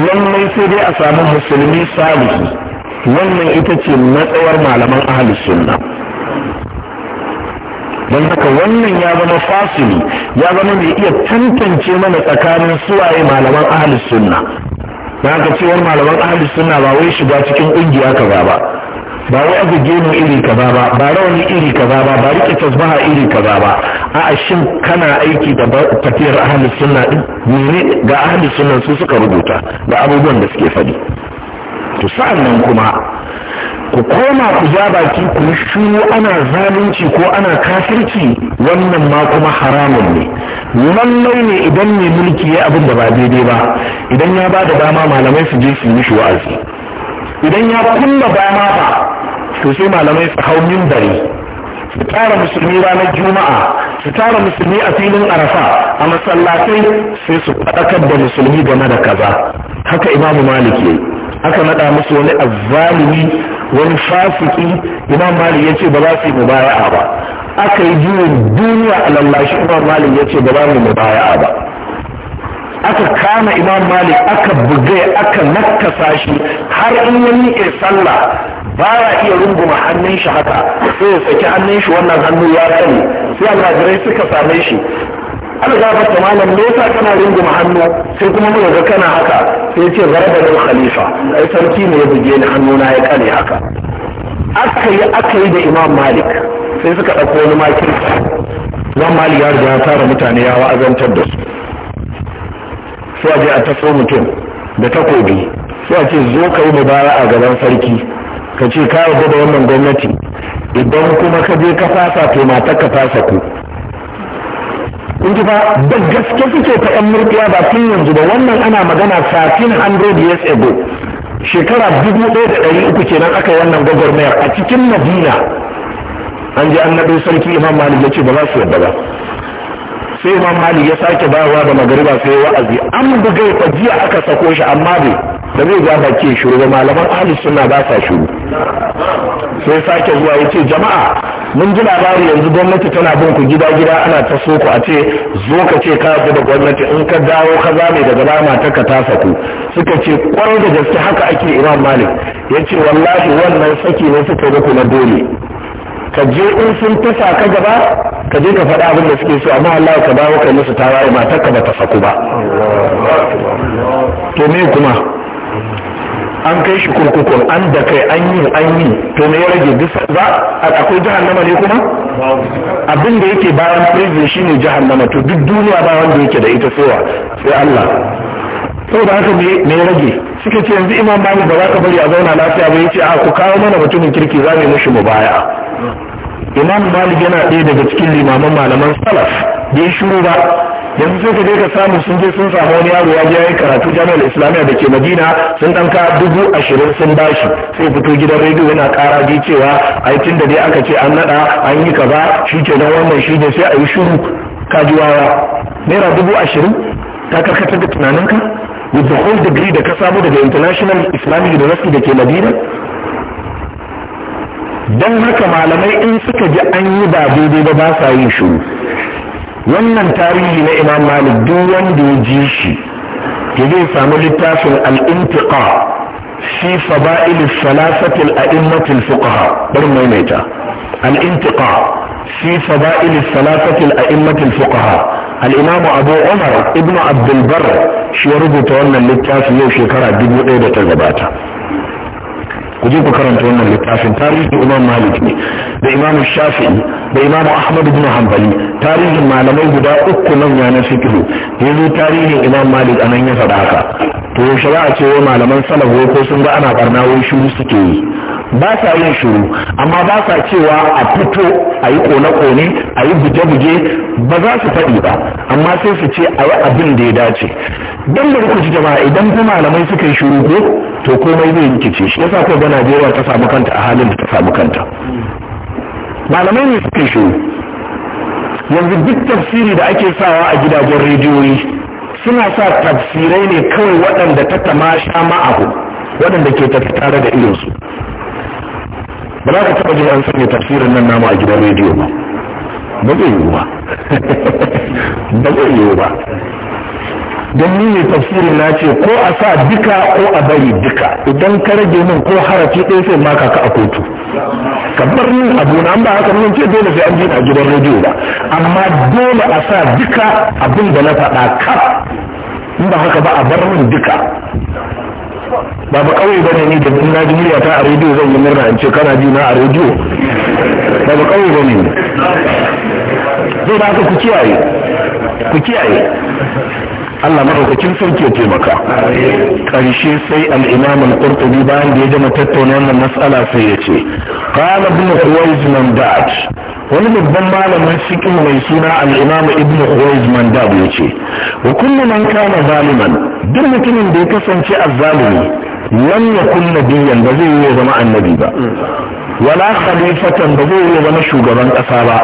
lallai sai dai a samu musulmi salihi wannan ita ce matsawar malaman ahalus sunna don haka wannan ya zama fasili ya zama mai iya tantance mana tsakanin suwaye malaman ahalus sunna na haka cewar malaman ahalus suna ba wai shiga cikin ƙungiya kaza ba ba wai abu geno iri kaza ba ba rawani iri kaza ba ba rike tasbaha iri kaza ba a shin kana aiki da tafiyar ahalus sunna din ne ga ahalus sunna su suka rubuta ga abubuwan da suke faɗi to sa'annan kuma ku koma ku ja baki ku shiru ana zalunci ko ana kafirci wannan ma kuma haramun ne lallai ne idan mai mulki ya abin da ba daidai ba idan ya ba da dama malamai su je su mishi wa'azi idan ya kulla dama ba to sai malamai su hau mimbari su tara musulmi ranar juma'a su tara musulmi a filin arafa a masallatai sai su faɗakar da musulmi game da kaza haka imamu malik yayi aka nada musu wani azzalimi wani fasiki imam malik yace ba za su yi mubaya'a ba aka yi juyin duniya a lallashi imam malik yace ba za mu mubaya'a ba aka kama imam malik aka buge aka nakasa shi har in ya miƙe sallah baya iya runguma hannun shi haka sai ya saki hannun shi wannan hannu ya sani sai almajirai suka same shi an gafarta malam me yasa kana hannu sai kuma mu ga kana haka sai ce zaraba da khalifa ai sarki ne ya buge ni hannu na ya kare haka aka yi aka yi da imam malik sai suka ɗauko wani makin Zan malik ya riga ya tara mutane ya wa'azantar da su sai a je a taso mutum da takobi sai a ce zo ka yi mubara a gaban sarki ka ce ka yi da wannan gwamnati idan kuma ka je ka fasa to matar ka fasa ku In ji fa da gaske suke ta yan murdiya ba tun yanzu ba wannan ana magana hundred years ago shekara dubu ɗaya da ɗari uku kenan aka yi wannan gwagwarmaya a cikin madina an ji an naɗo sarki imam malik ya ce ba za su yadda ba sai ma malik ya sake bayarwa da magariba sai wa'azi an bugai fa aka sako shi amma bai da zai ga ke shiru ba malaman ahli suna ba sa shiru sai sake zuwa yace jama'a mun ji labari yanzu gwamnati tana bin ku gida gida ana ta so ku a ce zo ka ce ka da gwamnati in ka dawo ka zame daga dama ta ka tasa ku suka ce kwarai da gaske haka ake imam malik yace wallahi wannan saki ne suka yi na dole ka je in sun tasa ka gaba ka je ka faɗa abin da suke so amma Allah ka dawo kai musu tawaye matar ka bata saku ba to me kuma an kai shi kurkukun an da kai an yi an yi to me ya rage duk za akwai jahannama ne kuma abin da yake bayan prison shine jahannama to duk duniya ba wanda yake da ita sowa sai Allah saboda haka me rage suke ce yanzu imam bani ba za ka bari a zauna lafiya ba yace a ku kawo mana mutumin kirki za mu yi mushi baya. imam malik yana ɗaya daga cikin limaman malaman salaf bai shuru ba yanzu sai ka je ka samu sun je sun samu wani yaro ya je ya yi karatu jami'ar islamiyya da ke madina sun ɗan ka dubu ashirin sun bashi sai fito gidan rediyo yana ƙara ji cewa ai tun da dai aka ce an naɗa an yi kaza shi ke nan wannan shi ne sai a yi shiru ka ji naira dubu ashirin ta karkatar da tunaninka with the whole degree da ka samu daga international islamic university da ke madina don haka malamai in suka ji an yi ba daidai ba ba sa yin shiru wannan tarihi na imam malik duk wanda ya ji shi ya zai samu littafin al-intiqa fi fada'il salasati aimmatil aimmat al-fuqaha bari maimaita al fi fada'il salasati al fuqaha al-imam abu umar ibnu abdulbar shi ya rubuta wannan littafin yau shekara dubu ɗaya da ta gabata ku je ku karanta wannan littafin tarihin imam malik ne da imam shafi'i da imam ahmad ibn hanbali tarihin malamai guda uku manya na fikihu yanzu tarihin imam malik a nan ya faɗa haka to yaushe za a ce wai malaman salaf ko sun ga ana barna wai shuru suke yi ba sa yin shuru amma ba sa cewa a fito a yi kone-kone a yi buje-buje ba za su faɗi ba amma sai su ce a yi abin da ya dace don da rikici jama'a idan ku malamai suka yi shuru ko to komai zai rikice shi yasa ko ga Najeriya ta samu kanta a halin da ta samu kanta malamai ne suke shiru yanzu duk tafsiri da ake sawa a gidajen rediyoyi suna sa tafsirai ne kawai waɗanda ta tamasha ma'ahu waɗanda ke tafi tare da irinsu ba za ka taɓa jin an sanya tafsirin nan namu a gidan rediyo ba ba zai yiwu ba ba zai yiwu ba don ne tafsiri na ce ko a sa duka ko a bari duka idan ka rage min ko harafi ɗaya sai maka ka a kotu ka bar min abu na ba haka mun ce dole sai an jina a gidan rediyo ba amma dole a sa duka abin da na faɗa ka in ba haka ba a bar min duka ba ba kawai ba ne ni da na ji murya ta a rediyo zan yi murna in ce kana ji na a rediyo ba ba kawai ba ne zai ba haka ku kiyaye ku kiyaye Allah madaukakin sarki ya taimaka ƙarshe sai al-Imam al bayan da ya gama tattauna wannan sai ya ce qala ibn Khuwayz man wani babban malamin fiqh mai suna al-imam ibn khuwayz mandab ya wa kullu man kama zaliman duk mutumin da ya kasance azzalimi lam kunna biyan ba zai yi zama annabi ba wala khalifatan ba zai yi zama shugaban ƙasa ba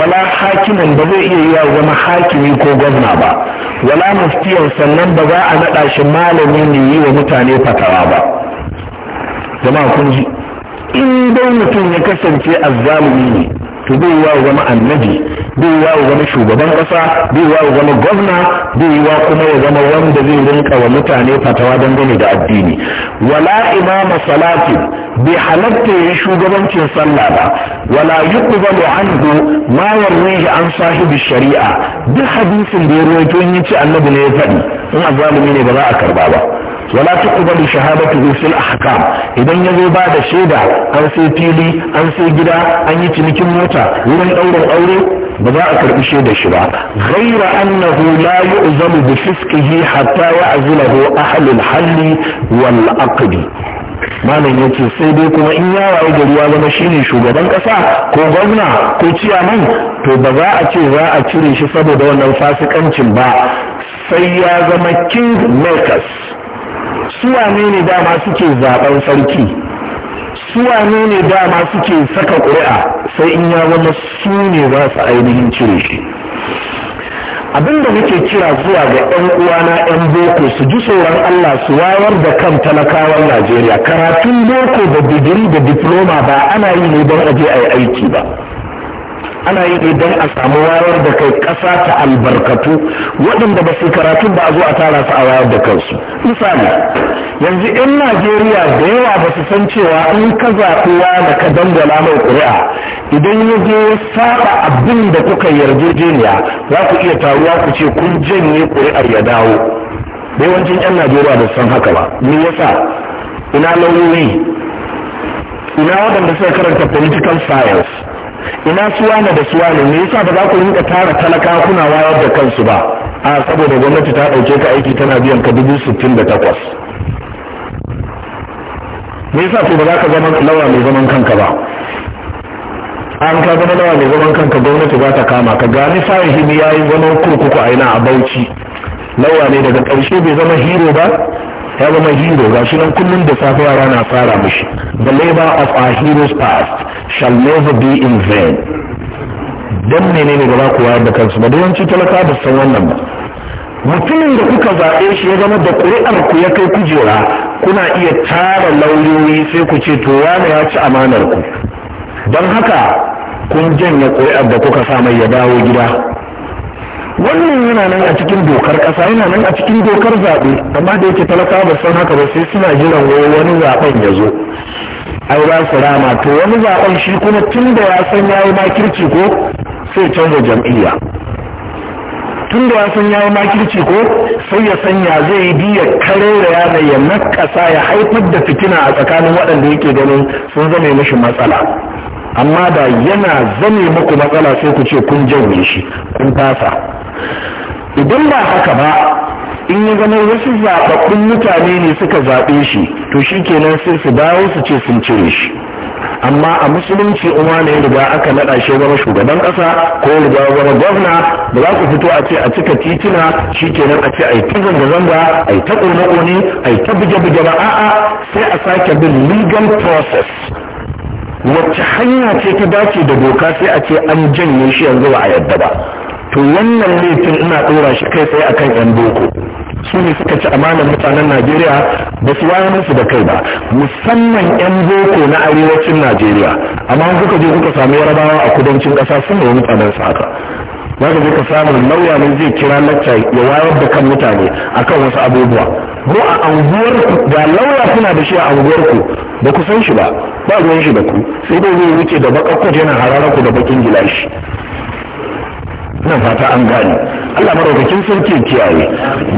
wala hakimin ba zai iya yiwa zama hakimi ko gwamna ba wala muftiyan sannan ba za a naɗa shi malami ne yi wa mutane fatawa ba jama'a kun ji in dai mutum ya kasance azzalumi ne to bai wa zama annabi zai wa zama shugaban ƙasa zai wa zama gwamna zai wa kuma ya zama wanda zai rinka wa mutane fatawa dangane da addini wala imama salati bi halatta shugabancin sallah ba wala yuqbalu anhu ma yarwihi an sahibi shari'a duk hadisin da ya rawaito in ci annabi ne ya faɗi in azalumi ne ba za a karba ba wala tuqbalu shahadatu fil ahkam idan zo ba da shaida an sai fili an sai gida an yi cinikin mota wurin ɗaurin aure ba za a karbi da shi ba ghaira annahu la yu'zamu bi fiskihi hatta ya'zulahu ahlul halli wal aqdi malam ya ce sai dai kuma in ya waye gari ya zama shine shugaban kasa ko gwamna ko ciyaman to ba za a ce za a cire shi saboda wannan fasikancin ba sai ya zama king makers su ne dama suke zaben sarki wane ne dama suke saka ƙuri'a sai in ya zama su ne za su ainihin cire shi abin da muke kira zuwa ga 'yan uwana 'yan boko su ji tsoron Allah su wayar da kan talakawan Najeriya karatun boko da digiri da diploma ba ana yi ne don aje a yi aiki ba ana yi ne don a samu wayar da kai ƙasa ta albarkatu waɗanda ba su karatu ba a zo a tara su a wayar da kansu misali yanzu 'yan najeriya da yawa ba su san cewa in ka zaɓi da ka dangwala mai ƙuri'a idan ya je ya saba abin da kuka yarjejeniya za ku iya taruwa ku ce kun janye ƙuri'ar ya dawo yawancin 'yan najeriya ba san haka ba me yasa ina lauyoyi ina waɗanda suka karanta political science ina suwana da suwa ne me yasa ba za ku rinka tara talaka kuna wayar da kansu ba a saboda gwamnati ta ɗauke ka aiki tana biyan ka dubu sittin da takwas me yasa to ba za ka zama lawa mai zaman kanka ba an ka zama lawa mai zaman kanka gwamnati za ta kama ka gani sahihimi ya yi zaman kurkuku a ina a bauchi lawa ne daga ƙarshe bai zama hero ba ya zama hero ga shi nan kullum da safe yara na fara mishi the labor of our heroes past shall never be in vain dan menene ba ku wayar da kansu ba da yawanci talaka ba san wannan ba mutumin da kuka zaɓe shi ya zama da ƙuri'ar ku ya kai kujera kuna iya tara lauyoyi sai ku ce to wani ya ci amanar ku don haka kun janye ƙuri'ar da kuka sa mai ya dawo gida wannan yana nan a cikin dokar ƙasa yana nan a cikin dokar zaɓe amma da yake talakawa ba san haka ba sai suna jiran wani zaɓen ya zo ai ba su rama to wani zaɓen shi kuma tun da ya san ya yi makirci ko sai canza jam'iyya tun da ya san ya yi makirci ko sai ya sanya zai yi biya kare da yana ya nakasa ya haifar da fitina a tsakanin waɗanda yake ganin sun zame mashi matsala amma da yana zame muku matsala sai ku ce kun janye shi kun fasa idan ba haka ba in ya zama wasu zaɓaɓɓun mutane ne suka zaɓe shi to shi kenan sai su dawo su ce sun cire shi amma a musulunci umar ne riga aka naɗa shi zama shugaban ƙasa ko riga zama gwamna Ba za ku fito a ce a cika titina shi kenan a ce a yi ta zanga-zanga a yi ta ƙone-ƙone a yi ta buge-buge ba a'a sai a sake bin legal process wacce hanya ce ta dace da doka sai a ce an janye shi yanzu ba a yadda ba to wannan laifin ina ɗora shi kai tsaye akan yan boko su ne suka ci amanar mutanen najeriya ba su wayar musu da kai ba musamman yan boko na arewacin najeriya amma kuka je kuka sami yarabawa a kudancin ƙasa sun yi mutanen su haka za ka je ka samu lauya ne zai kira lacca ya wayar da kan mutane akan wasu abubuwa ko a anguwarku da lauya suna da shi a anguwarku ba ku san shi ba ba ruwan shi da ku sai dai zai wuce da bakakkwar yana hararar ku da bakin gilashi na fata an gane Allah maraukakin sarki kiyaye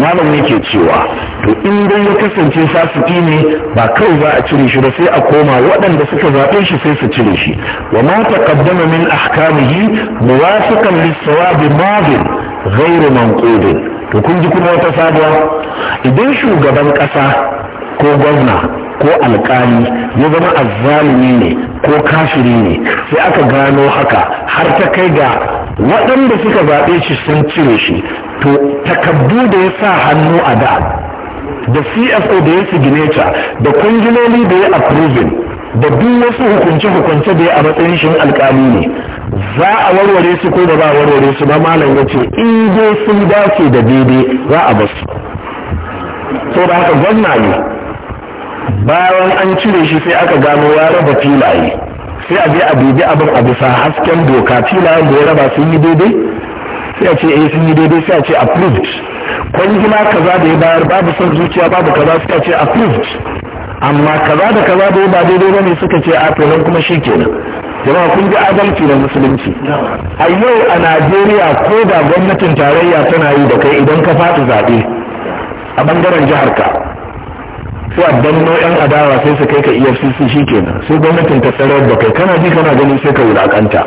malam yake cewa to in dai ya kasance fasiki ne ba kai za a cire shi ba sai a koma waɗanda suka zaɓe shi sai su cire shi wa ma taqaddama min ahkamihi muwafiqan lis-sawabi madin ghayr manqud to kun ji kuma wata sabuwa idan shugaban ƙasa ko gwamna ko alkali ya zama azzalumi ne ko kafiri ne sai aka gano haka har ta kai ga waɗanda suka zaɓe shi sun cire shi to takardu da ya sa hannu a da da cfo da ya signature da kwangiloli da ya approving da duk wasu hukunce-hukunce da ya a matsayin shi alkali ne za a warware su ko da ba a warware su ba malam ya ce in dai sun dace da daidai za a basu saboda haka gwamna ne bayan an cire shi sai aka gano ya raba filaye sai a je a bibi abin a bisa hasken doka filayen da ya raba sun yi daidai sai a ce eh sun yi daidai sai a ce approved kwangila kaza da ya bayar babu son zuciya babu kaza sai a ce approved amma kaza da kaza da ya ba daidai bane suka ce a to nan kuma shikenan jama'a kun ji adalci da musulunci a yau a najeriya ko da gwamnatin tarayya tana yi da kai idan ka fata zaɓe a ɓangaren jihar ka ko a yan adawa sai su kai ka efcc shi kenan sai gwamnatin ta tsarar da kai kana ji kana gani sai ka wulakanta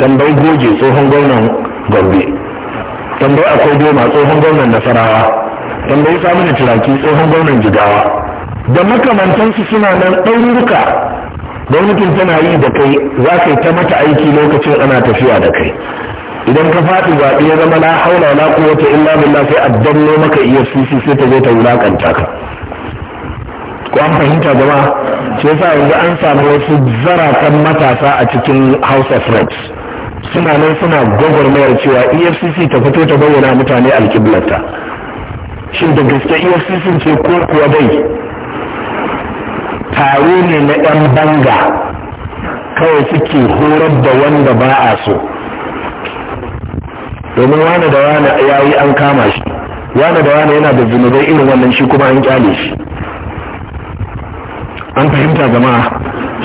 tambayi goge tsohon gwamnan gombe tambayi akwai goma tsohon gwamnan nasarawa tambayi samun turaki tsohon gwamnan jigawa da makamantansu suna nan ɗauruka gwamnatin tana yi da kai za ka yi ta mata aiki lokacin ana tafiya da kai idan ka faɗi zaɓe ya zama na haula na kuwata illa billah sai addanno maka efcc sai ta zo ta wulakanta ka ko an fahimta zama shi yasa yanzu an samu wasu zaratan matasa a cikin house of reps suna nan suna gwagwarmayar cewa efcc ta fito ta bayyana mutane alkiblarta shi da gaske efcc ce ko kuwa dai taro ne na 'yan banga kawai suke horar da wanda ba a so domin wane da wane ya yi an kama shi wane da wane yana da zunubai irin wannan shi kuma an kyale shi an fahimta jama'a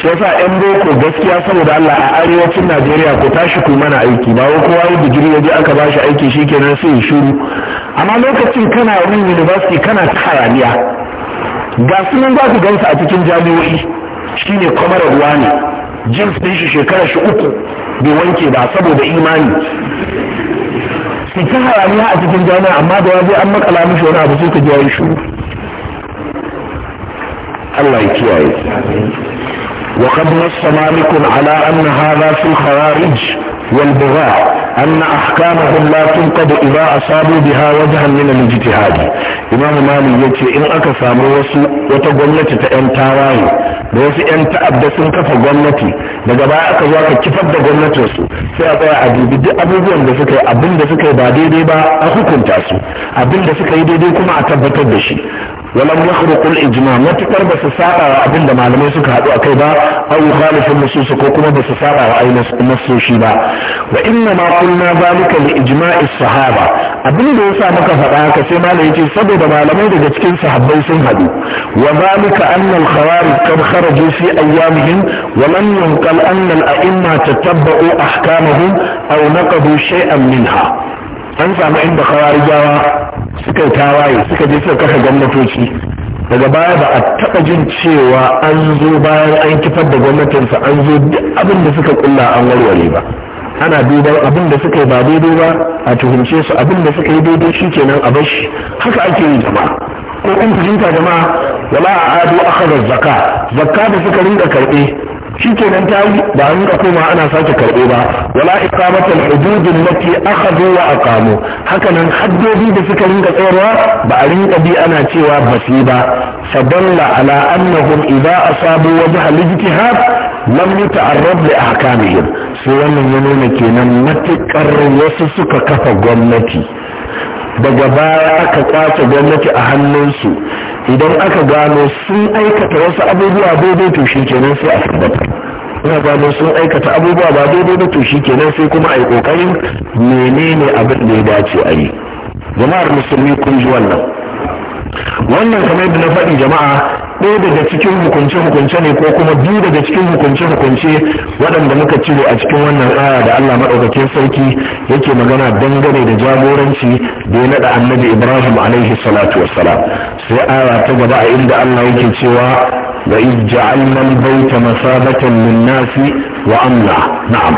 shi yasa yan boko gaskiya saboda Allah a arewacin Najeriya ku tashi ku mana aiki ba wai kowa digiri waje aka ba shi aiki shikenan sai ya shiru amma lokacin kana wani university kana ta hayaniya ga sunan za ku gansa a cikin jami'o'i shine kamar ruwa ne jins din shi shekara shi uku bai wanke ba saboda imani su ta hayaniya a cikin jami'a amma da waje an makala mishi wani abu sai ka ji wani shuru Allah ya kiyaye وقد نص مالك على ان هذا في الخوارج والبغاء ان احكامهم لا تنقض اذا اصابوا بها وجها من الاجتهاد امام مالك yace in aka samu wasu wata gwamnati ta yan tawaye da wasu yan ta'adda sun kafa gwamnati daga baya aka zo aka kifar da gwamnatin su sai a tsaya a dubi duk abubuwan da suka yi abin da suka yi ba daidai ba a hukunta su abin da suka yi daidai kuma a tabbatar da shi walam yakhruqul ijma matukar ba su saba abin da malamai suka haɗu akai ba aw yukhalifun nusus ko kuma basu su saba wa ainihin nasoshi ba wa inna ma kunna zalika li ijma'i sahaba abin da yasa muka faɗa haka sai ya yace saboda malamai daga cikin sahabbai sun haɗu wa zalika anna al khawarij kad kharaju fi ayyamihim a lam yunqal anna al a'imma tatabba'u ahkamahum aw naqadu shay'an minha an samu inda khawarijawa suka tawaye suka je suka kafa gwamnatoci daga baya ba a taɓa jin cewa an zo bayan an kifar da gwamnatinsa an zo duk abin da suka kulla an warware ba ana duban abin da suka yi ba daidai ba a tuhumce su abin da suka yi daidai shi kenan a shi. haka ake yi jama'a ko kun fahimta jama'a wala a ado akhadha zakka zakka da suka rinka karɓe shikenan ta yi ba an ka koma ana sake karɓe ba wala iqamatul hududin lati akhadhu wa aqamu haka nan haddodi da suka rinka tsayarwa ba a rinka bi ana cewa ba su ba fadalla ala annahum idza asabu wajh al-ijtihad lam yata'arrad li ahkamihim sai wannan ya nuna kenan matukar wasu suka kafa gwamnati daga baya aka kwace gwamnati a hannunsu idan aka gano sun aikata wasu abubuwa daidai to shi kenan sai a tabbata ina gano sun aikata abubuwa ba daidai ba to shi kenan sai kuma a yi kokari menene abin da ya dace a yi jama'ar musulmi kun ji wannan wannan kamar yadda na faɗi jama'a ɗaya daga cikin hukunce-hukunce ne ko kuma biyu daga cikin hukunce-hukunce waɗanda muka cire a cikin wannan tsaya da Allah maɗaukakin sarki yake magana dangane da jagoranci da ya naɗa annabi Ibrahim alaihi salatu wassalam sai aya ta gaba a inda Allah yake cewa wa ij'alna al-bayta masabatan lin-nasi wa amna na'am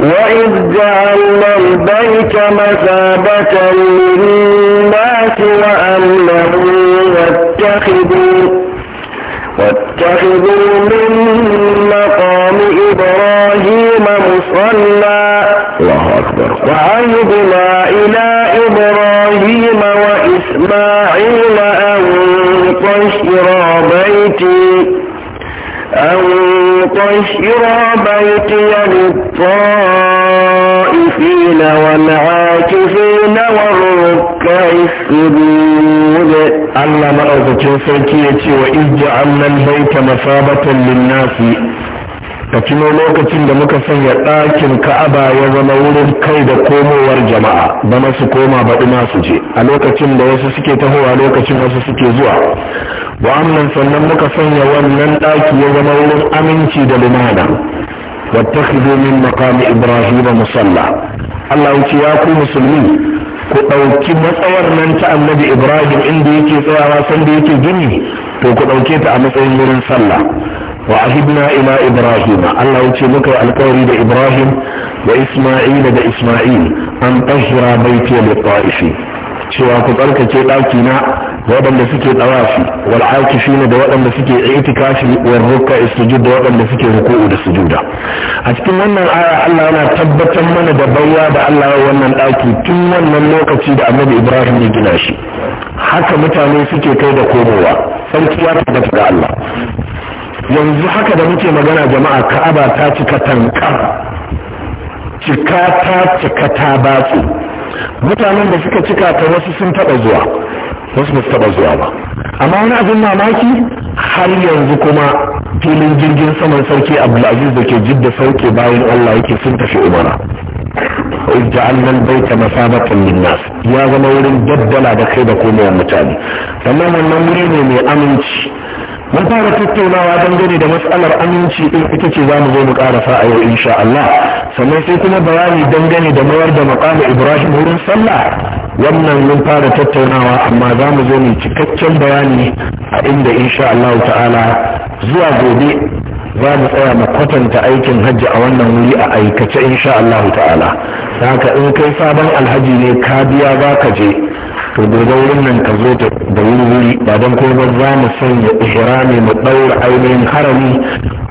وإذ جعلنا البيت مثابة للناس وأمنا واتخذوا اتخذوا من مقام إبراهيم مصلى الله أكبر وعيدنا إلى إبراهيم وإسماعيل أن طهر بيتي أن طهر بيتي للطائفين والعاكفين وَرُكَّ السُّجُودَ Allah ma'aikacin sarki ya ce wa ija annan baita masabatan linnasi ka cino lokacin da muka sanya ɗakin ka'aba ya zama wurin kai da komowar jama'a ba masu koma ba ina su je a lokacin da wasu suke tahowa lokacin wasu suke zuwa wa amnan sannan muka sanya wannan ɗaki ya zama wurin aminci da limana wa takhidu min maqami ibrahim musalla Allah ya ce ya ku musulmi ku ɗauki matsawar nan ta annabi ibrahim inda yake tsayawa sanda yake gini to ku ɗauke ta a matsayin wurin sallah wa ahibna ila ibrahim allah ya ce muka yi alkawari da ibrahim da isma'il da isma'il an tahira baiti da ta'ifi cewa ku tsarkake ɗaki na waɗanda suke wal'aki wal akifina da waɗanda suke itikafi wal rukka sujud da waɗanda suke ruku'u da sujuda a cikin wannan aya Allah yana tabbatar mana da bayya da Allah ya wannan ɗaki tun wannan lokaci da Annabi Ibrahim ya gina shi haka mutane suke kai da komowa sarki ya tabbata ga Allah yanzu haka da muke magana jama'a Ka'aba ta cika tankar cika ta cika ta batsu mutanen da suka cika ta wasu sun taɓa zuwa wasu ba su taba zuwa ba amma wani abin mamaki har yanzu kuma filin jirgin saman sarki abdulaziz da ke jidda sauke bayan allah yake sun tafi umara ja'alna baita masabatan linnas ya zama wurin daddala da kai da komai mutane sannan wannan wuri ne mai aminci mun fara tattaunawa dangane da matsalar aminci din ita ce za mu zo mu karasa a yau insha Allah sannan sai kuma bayani dangane da mayar da maqamu Ibrahim wurin sallah wannan mun fara tattaunawa amma za mu zo mu cikakken bayani a inda insha Allah ta'ala zuwa gobe za mu tsaya mu kwatanta aikin hajji a wannan wuri a aikace insha Allah ta'ala haka in kai sabon alhaji ne ka biya za ka je to gobe wurin nan ka zo da wuri wuri ba don kuma za mu sanya ihrami mu daura ainihin harami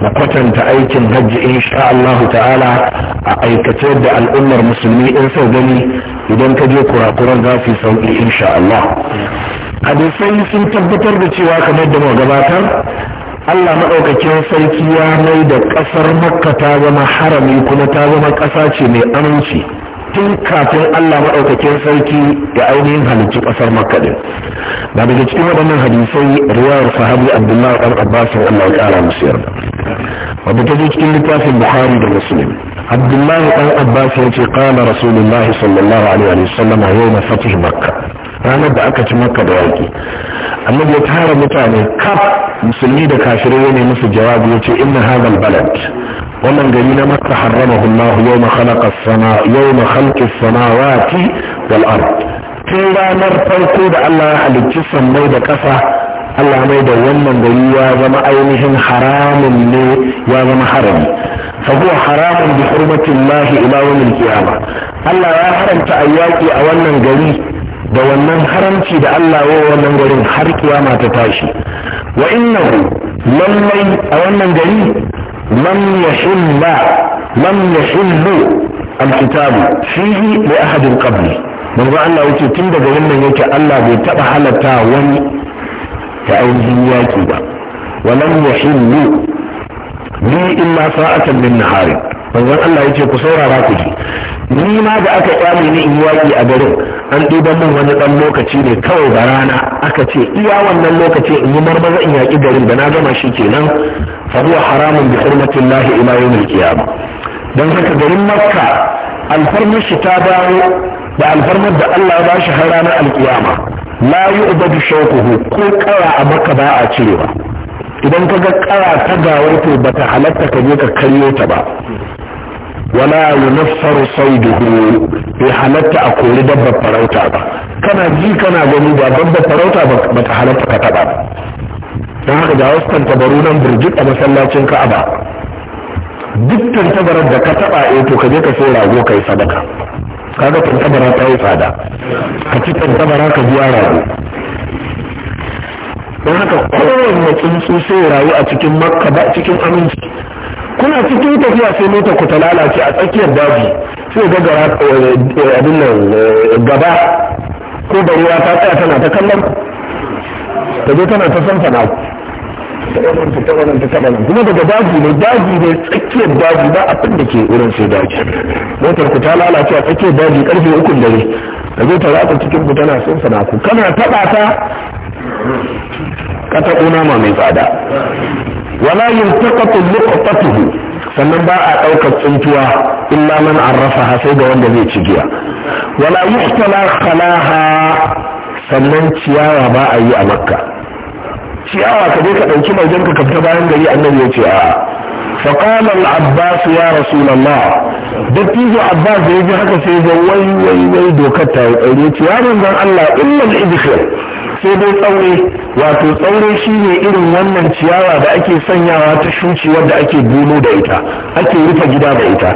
mu kwatanta aikin hajji insha Allah ta'ala a aikace da al'ummar musulmi in sau gani idan ka je kurakuran za su yi sauƙi insha Allah hadisai sun tabbatar da cewa kamar da mu gabatar Allah maɗaukakin sarki ya mai da ƙasar makka ta zama harami kuma ta zama ƙasa ce mai aminci tun kafin Allah maɗaukakin sarki da ainihin halittu ƙasar Makka din. ba daga cikin waɗannan hadisai riwayar sahabi Abdullahi ɗan Abbas Allah ƙara musu yarda. Wadda ta cikin littafin Buhari da Muslim. Abdullahi ɗan Abbas ya ce ƙala Rasulullah sallallahu alaihi wa sallam yau na fatih Makka. ranar da aka ci maka da yaƙi annabi ya tara mutane kaf musulmi da kafirai ya su jawabi yace inna hadha balad wannan gari na makka harramahu Allah yawma khalaqa as-sama yawma khalqi as-samawati wal ard tun ranar farko da Allah ya halicci sammai da ƙasa Allah mai da wannan gari ya zama ainihin haramun ne ya zama harami فهو حرام بحرمة الله إلى يوم القيامة الله يا حرمت a أولا جريء da wannan haramci da Allah wa wannan garin har kiyama ta tashi wa innahu lallai a wannan gari lam yahilla lam yahillu alkitabu fihi li ahadin qabli manzo Allah yace tun daga wannan yake Allah bai taba halatta wani ta ainihin yaki ba wa lam yahillu li illa sa'atan min nahari manzon Allah ya ce ku saurara ku ji ni ma da aka kyale ni in yi waƙi a garin an duban min wani ɗan lokaci ne kawai da rana aka ce iya wannan lokaci in yi marmaza in yaki garin da na gama shi kenan fa huwa haramun bi hurmatin lahi ila yawmil dan haka garin makka alfarmar shi ta dawo da alfarmar da Allah ya bashi har ranar alkiyama la yu'badu shawquhu ko kara a makka ba a cirewa idan ka ga kara ta gawar to bata halatta ka je ka karyo ta ba wala yunfar saiduhu bai halatta a kori dabbar farauta ba kana ji kana gani ba dabbar farauta ba ta halatta ka taba dan haka ga wasu tabarunan nan a masallacin ka'aba duk tantabarar da ka taba eh to ka je ka sai rago kai sadaka kaga tantabara ta yi tsada ka ci tantabara ka biya rago dan haka kowanne tsuntsu sai rayu a cikin makka ba cikin aminci kuna cikin tafiya sai motar ku ta lalace a tsakiyar daji sai ga gara eh, abin nan eh, gaba ko da ruwa ta tsaya tana ta kallon ta zo tana ta na kuma daga daji ne daji ne tsakiyar daji ba abin da ke wurin sai daji motar ku ta lalace a tsakiyar daji karfe ukun dare ta zo ta ratsa cikin ku tana na ku kana taɓa ta ka taɓo ma mai tsada wala yultaqatu luqtatuhu sannan ba a daukar tsuntuwa illa man arrafaha sai ga wanda zai ci giya wala yuhtala khalaha sannan ciyawa ba a yi a makka ciyawa ka je ka dauki maujan ka fita bayan gari annabi ya ce a'a فقال العباس يا رسول الله dattijo abbas da ya ji haka sai ga wai wai wai dokar ta yi tsaure ce ya manzan allah illal idkhil sai dai tsaure wato tsaure shine irin wannan ciyawa da ake sanyawa ta shuci da ake bulo da ita ake rufe gida da ita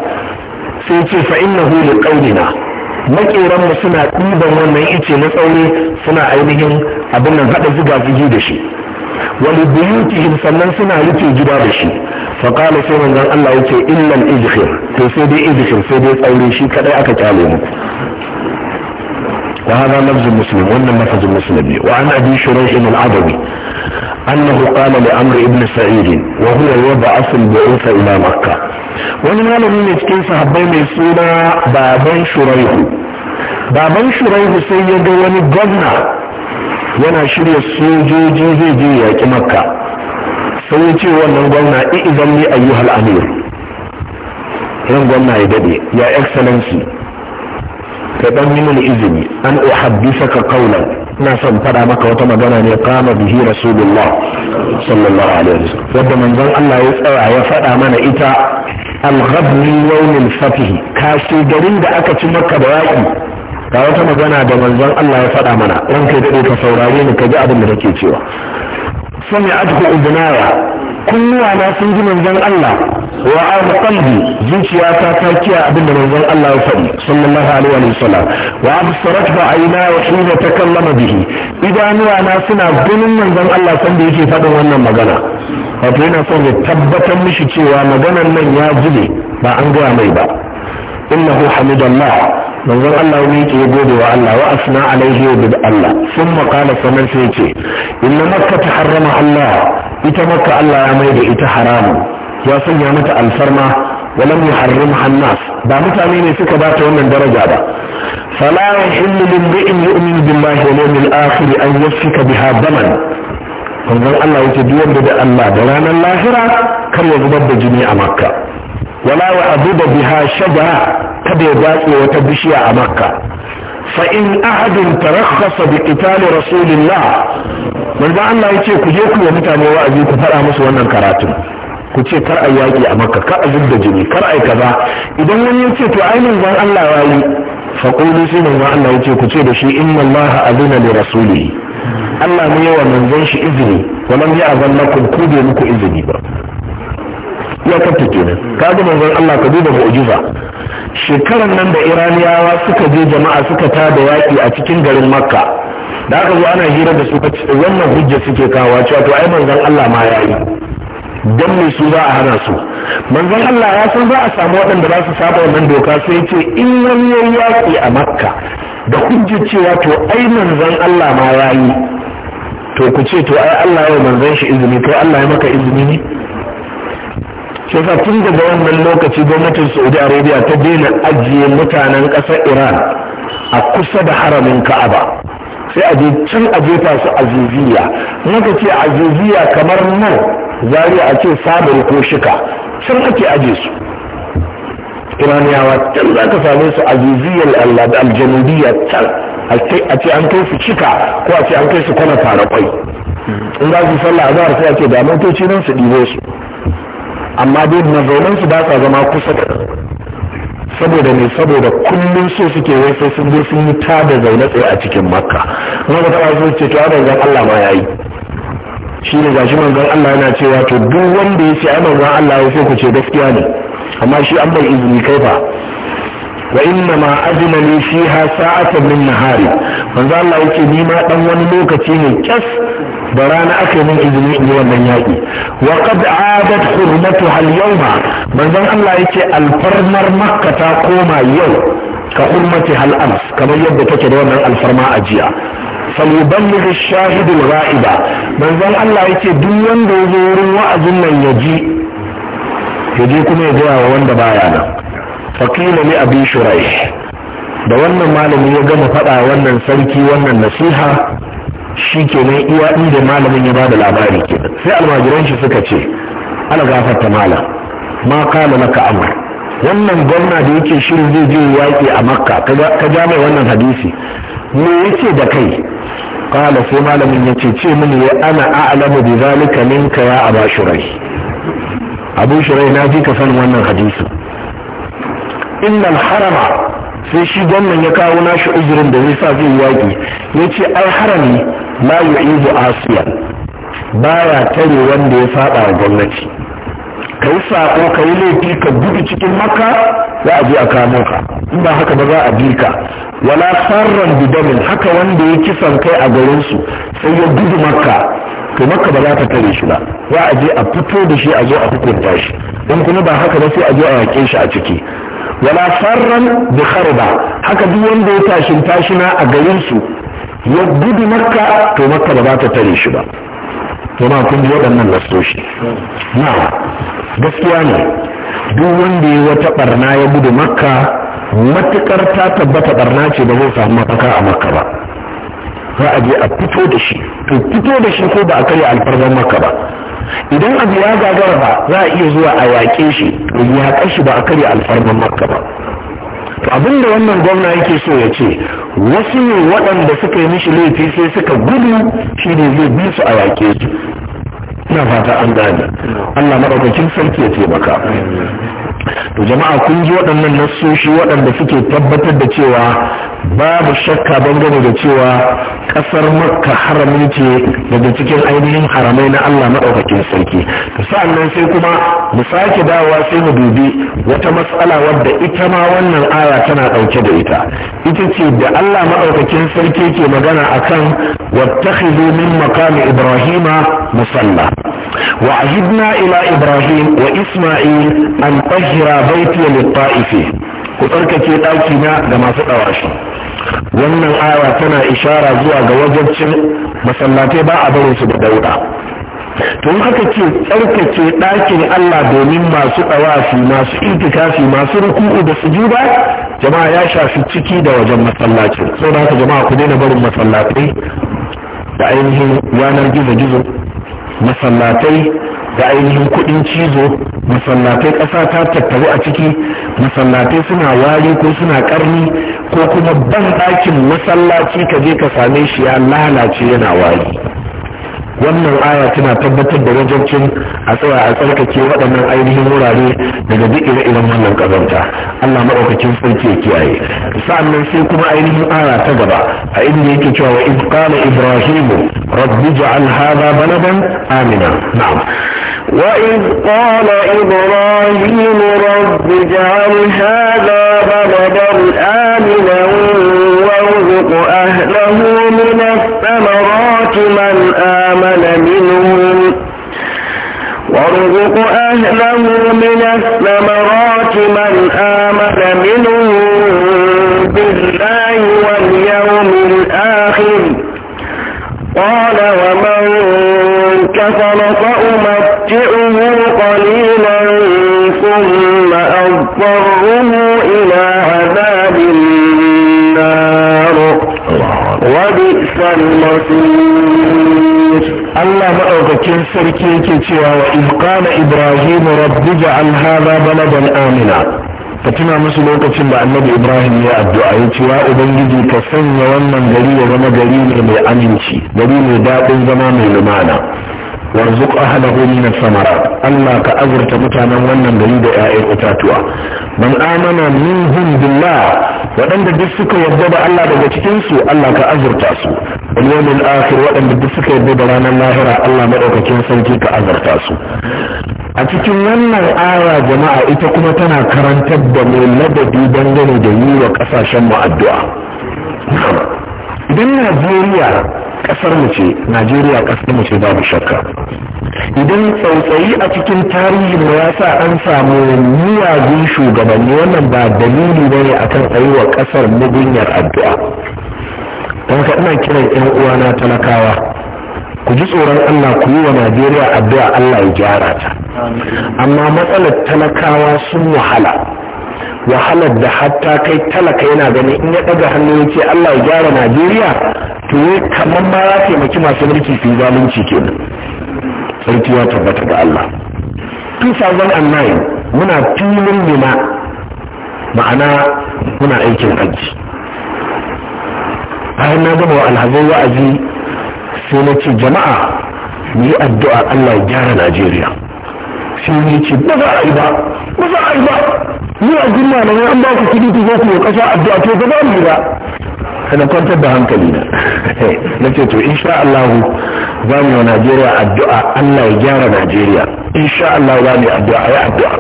sai ce fa innahu liqaulina mu suna ɗiban wannan ice na tsaure suna ainihin abin nan haɗa ziga-zigi da shi wani buyutihim sannan suna rufe gida da shi faƙala sai manzon Allah yake illan izhir to sai dai izhir sai dai tsaure shi kaɗai aka kyale muku وهذا لفظ مسلم وانا لفظ مسلم وعن ابي شريح العدوي انه قال لعمر بن سعيد وهو يبعث البعوث الى مكة wani malami ne cikin sahabbai mai suna baban shuraihu baban shuraihu sai ya ga wani gwamna yana shirya sojoji zai je yaƙi makka sai ya ce wannan gwamna i'izan ni ayyuhal amir yan gwamna ya dade ya excellency ka dan yi mini izini an uhaddisaka qawlan ina son fada maka wata magana ne kama bihi rasulullah sallallahu alaihi wasallam wanda manzon Allah ya tsaya ya fada mana ita al-ghabni fatih kashi garin da aka ci makka da yaki ga wata magana da manzon Allah ya fada mana ranka ya dade ka saurare ni ka ji abin da kake cewa sami'athu udnaya kunnuwa na sun ji manzon Allah wa an qalbi zuciya ta ta kiya abin da manzon Allah ya faɗi sallallahu alaihi wa sallam wa absarat fa aina wa hina takallama bihi idanuwa na suna ganin manzon Allah san da yake faɗin wannan magana wato yana son ya tabbatar mishi cewa maganar nan ya ji ba an gaya mai ba innahu hamidallah manzon Allah ne ke gode wa Allah wa asna alaihi wa bid Allah sun qala sanan sai ce inna makka harrama Allah ita makka Allah ya mai da ita haramun ya sanya mata alfarma walam yuharrimha hannas, ba mutane ne suka ba ta wannan daraja ba fala yahillu lil mu'min yu'minu billahi wal yawmil akhir an yafika biha daman manzon Allah yake duk da Allah da ranar lahira kar ya zubar da jini a makka wala wa da biha shajara kada ya datse wata bishiya a makka fa'in ahadin ta bi qitali rasulillah manzo Allah yace ku je ku yi mutane wa'azi ku faɗa musu wannan karatun ku ce kar a yaƙi a makka kar a da jini kar a yi kaza idan wani ya ce to ai manzon Allah yayi fa qulu sai manzon Allah ce ku ce da shi inna Allah azina li rasuli. Allah ne yawa manzon shi izini walam ya azan lakum ku bai muku izini ba ya kanta kenan ga manzon Allah ka duba mu'jiza shekaran nan da iraniyawa suka je jama'a suka ta da yaki a cikin garin makka da aka zo ana hira da su wannan hujja suke kawo cewa to ai manzon Allah ma ya yi, dan me su za a hana su manzon Allah ya san za a samu waɗanda za su saba wannan doka sai ce in wani ya yaki a makka da hujjar cewa to ai manzon Allah ma ya yi, to ku ce to ai Allah ya manzon shi izini kai Allah ya maka izini Sai yasa tun daga wannan lokaci gwamnatin saudi arabia ta daina ajiye mutanen ƙasar iran a kusa da haramin ka'aba sai a can a jefa su aziziya muka ce aziziya kamar nan zari a ce sabar ko shika can ake aje su iraniyawa can za ka same su aziziyar allah da aljanubiya can a ce an kai su shika ko a ce an kai su kwana kwai in za su sallah zahar sai a ce da motoci nan su ɗibo su amma dai mazaunan su ba sa zama kusa da saboda ne saboda kullum so suke wai sai sun je sun yi ta da zaune tsaye a cikin makka na ka taba so ce to manzon Allah ma yayi shi ne gashi manzan Allah yana cewa to duk wanda ya ce a manzan Allah ya sai ku ce gaskiya ne amma shi an bai izini kai ba wa inna ma ajina li fiha sa'atan min nahari manzo Allah yake ni ma dan wani lokaci ne kyas da rana aka yi min izini in yi wannan yaƙi wa qad adat hurmatu hal yawma manzon Allah yake alfarmar makka ta koma yau ka hurmati hal ams kamar yadda take da wannan alfarma a jiya falyuballigh ash-shahid al-ghaiba manzon Allah yake duk wanda ya zo wurin wa'azin nan ya ji ya je kuma ya gaya wa wanda baya nan faƙila ne abi shurai da wannan malamin ya gama faɗa wannan sarki wannan nasiha shi kenan iya inda malamin ya ba da labari kenan sai almajiran shi suka ce ala gafarta malam ma kala maka amr wannan gwamna da yake shirin zai je yaƙi a makka ka ja mai wannan hadisi me yace da kai kala sai malamin ya ce ce mini ya ana a'lamu bi zalika minka ya aba shurai abu shurai na ji ka san wannan hadisi innal harama sai shi gwamnan ya kawo nashi uzurin da zai sa zai yi yaƙi ya ce ai harami la yu'idu asiya baya tare wanda ya saɓa a gwamnati ka yi saƙo ka yi laifi ka gudu cikin maka za a je a kamo ka in ba haka ba za a bi ka wala sarran bidamin haka wanda ya kisan kai a garinsu sai ya gudu makka to makka ba za ta tare shi ba za a je a fito da shi a zo a hukunta shi in kuma ba haka ba sai a zo a yaƙe shi a ciki wala farran bi kharba haka duk wanda ya tashin tashina a garin su ya gudu makka to makka ba za ta tare shi ba kuma kun ji waɗannan lastoshi na gaskiya ne duk wanda ya wata barna ya gudu makka matukar ta tabbata barna ce ba zai samu mafaka a makka ba za a je a fito da shi to fito da shi ko ba a karya alfarban makka ba idan abu ya gagara ba za a iya zuwa a yaƙe shi yaƙar shi ba a karya alfarmar makka ba to abinda wannan gwamna yake so ya ce wasu ne waɗanda suka yi mishi laifi sai suka gudu shi ne zai bi su a yaƙe su ina fata an gane Allah maɗaukakin sarki ya taimaka to jama'a kun ji waɗannan nassoshi waɗanda suke tabbatar da cewa babu shakka bangare da cewa ƙasar makka haramin ce daga cikin ainihin haramai na allah maɗaukakin sarki to sa'annan sai kuma mu sake dawowa sai mu dubi wata matsala wadda ita ma wannan aya tana ɗauke da ita ita ce da allah maɗaukakin sarki ke magana akan wattakhizu min maqami ibrahima musalla wa ahidna ila ibrahim wa isma'il an tahira tahira baiti lit ku tsarkake ɗaki na ga masu ɗawashi wannan aya tana ishara zuwa ga wajen masallatai ba a barin su da dauda tun haka ce tsarkake ɗakin Allah domin masu ɗawafi masu itikafi masu ruku'u da sujuda jama'a ya shafi ciki da wajen masallacin sau da haka jama'a ku daina barin masallatai da ainihin yanar gizo-gizo masallatai da ainihin kuɗin cizo masallatai ƙasa ta tattaru a ciki masallatai suna wari ko suna karni ko kuma ban ɗakin masallaci ka je ka same shi ya lalace yana wari wannan aya tana tabbatar da wajancin a tsaya a tsarkake waɗannan ainihin wurare daga duk ire-iren wannan ƙazanta Allah maɗaukakin sarki ya kiyaye sa'annan sai kuma ainihin aya ta gaba a inda yake cewa wa idh Ibrahimu, rabbi ja'al hadha balaban amina na'am وإذ قال إبراهيم رب اجعل هذا بلدا آمنا وارزق أهله من الثمرات من آمن منهم وارزق أهله من الثمرات من آمن منهم Allah maɗaukakin sarki yake cewa wa ibqala Ibrahim rabbi ja'al hadha baladan amina ka tuna musu lokacin da annabi Ibrahim ya addu'a ya ce wa ubangiji ka sanya wannan gari ya zama gari ne mai aminci gari mai daɗin zama mai lumana warzuq ahlahu min samara, Allah ka azurta mutanen wannan gari da 'ya'yan itatuwa man amana minhum billah waɗanda duk suka yarda da Allah daga cikin su Allah ka azurta su wal yawmil akhir waɗanda duk suka yarda da ranar lahira Allah madaukakin sarki ka azurta su a cikin wannan aya jama'a ita kuma tana karantar da mu ladabi dangane da yi wa ƙasashen mu addu'a idan najeriya kasar mu ce najeriya kasar mu ce babu shakka idan tsautsayi a cikin tarihin mu ya sa an samu miyagun shugabanni wannan ba dalili bane akan a yi wa kasar mugunyar addu'a don ka ina kiran yan uwana talakawa ku ji tsoron Allah ku yi wa Najeriya addu'a Allah ya gyara ta amma matsalar talakawa sun wahala wahalar da hatta kai talaka yana ganin in ya ɗaga hannu ya ce Allah ya gyara Najeriya to yi kamar ma ya taimaki masu mulki su yi zalunci kenan sarki ya tabbata ga Allah 2009 muna filin nema ma'ana muna aikin hajji a na gama wa alhazai wa'azi sai na ce jama'a yi addu'a Allah ya gyara Najeriya sai ne ce ba za a yi ba ba za a yi ba ni a jin malamai an ba ku kuɗi ku zo ku yi ƙasa addu'a to ba za mu yi ba na kwantar da hankali na na ce to insha Allah za mu yi wa Najeriya addu'a Allah ya gyara Najeriya insha Allah za mu yi addu'a ya addu'a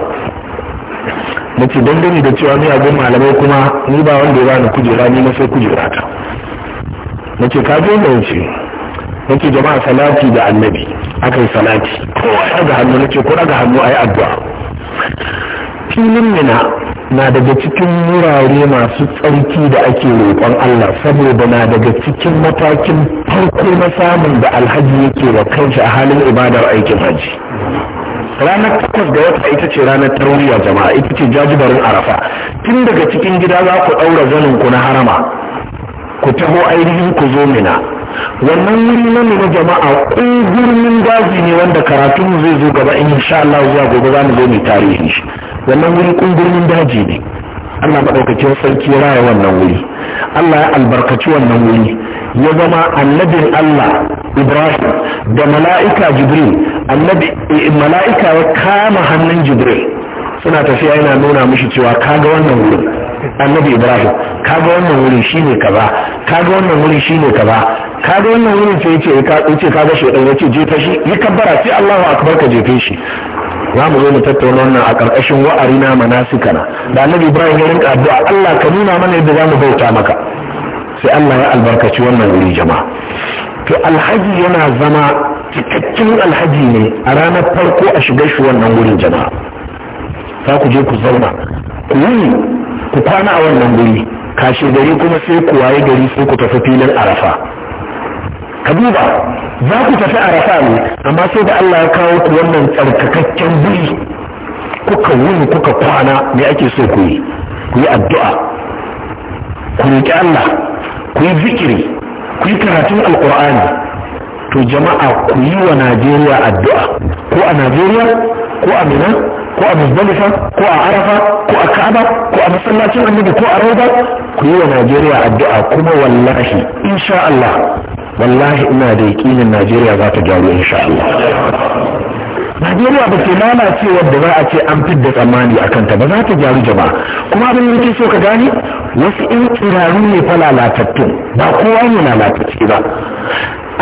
na ce dangane da cewa ni abin malamai kuma ni ba wanda ya bani kujera ni na sai kujera ta na ce ka je ce na ce jama'a salati da annabi aka yi salati kowa ya daga hannu nake ko ɗaga hannu a yi addu'a filin mina na daga cikin wurare masu tsarki da ake roƙon Allah saboda na daga cikin matakin farko na samun da alhaji yake wa kanshi a halin ibadar aikin hajji ranar takwas ga wata ita ce ranar tarwiyar jama'a ita ce jajibarin arafa tun daga cikin gida za ku ɗaura zanin ku na harama ku taho ainihin ku zo mina wannan wuri na nuna jama'a ko birnin daji ne wanda karatun zai zo gaba in sha Allah zuwa gobe za mu zo mu tarihin shi wannan wuri kun birnin daji ne Allah sarki ya raya wannan wuri Allah ya albarkaci wannan wuri ya zama annabin Allah Ibrahim da mala'ika Jibril annabi eh, mala'ika ya kama hannun Jibril suna tafiya yana nuna mishi cewa kaga wannan wurin, annabi ibrahim kaga wannan wurin shine kaza kaga wannan wurin shine kaza kaga wannan wurin sai yace yace kaga shedan yace jefa shi yi kabbara sai Allahu akbar ka jefe shi za mu zo mu tattauna wannan a ƙarƙashin wa'arina manasikana da annabi ibrahim ya rinka addu'a Allah ka nuna mana yadda za mu bauta maka sai Allah ya albarkaci wannan wuri jama'a to alhaji yana zama cikakken alhaji ne a ranar farko a shiga shi wannan wurin jama'a za ku je ku zauna ku yi ku kwana a wannan guri kashe gari kuma sai ku waye gari sai ku tafi filin arafa ka duba za ku tafi arafa ne amma sai da Allah ya kawo ku wannan tsarkakakken guri kuka wuni kuka kwana me ake so ku yi ku yi addu'a ku roki Allah ku yi zikiri ku yi karatun alkur'ani to jama'a ku yi wa Najeriya addu'a ko a Najeriya ko a Minna. ko a musdalifa ko a arafa ko a ka'aba ko a masallacin annabi ko a roba, ku yi wa najeriya addu'a kuma wallahi insha Allah wallahi ina da yakinin najeriya za ta gyaru insha Allah najeriya ba ke lalace wadda za a ce an fidda tsammani a kanta ba za ta gyaru jama'a kuma abin yake so ka gani? wasu in tsiraru ne fa lalatattun ba kowa ne lalatacce ba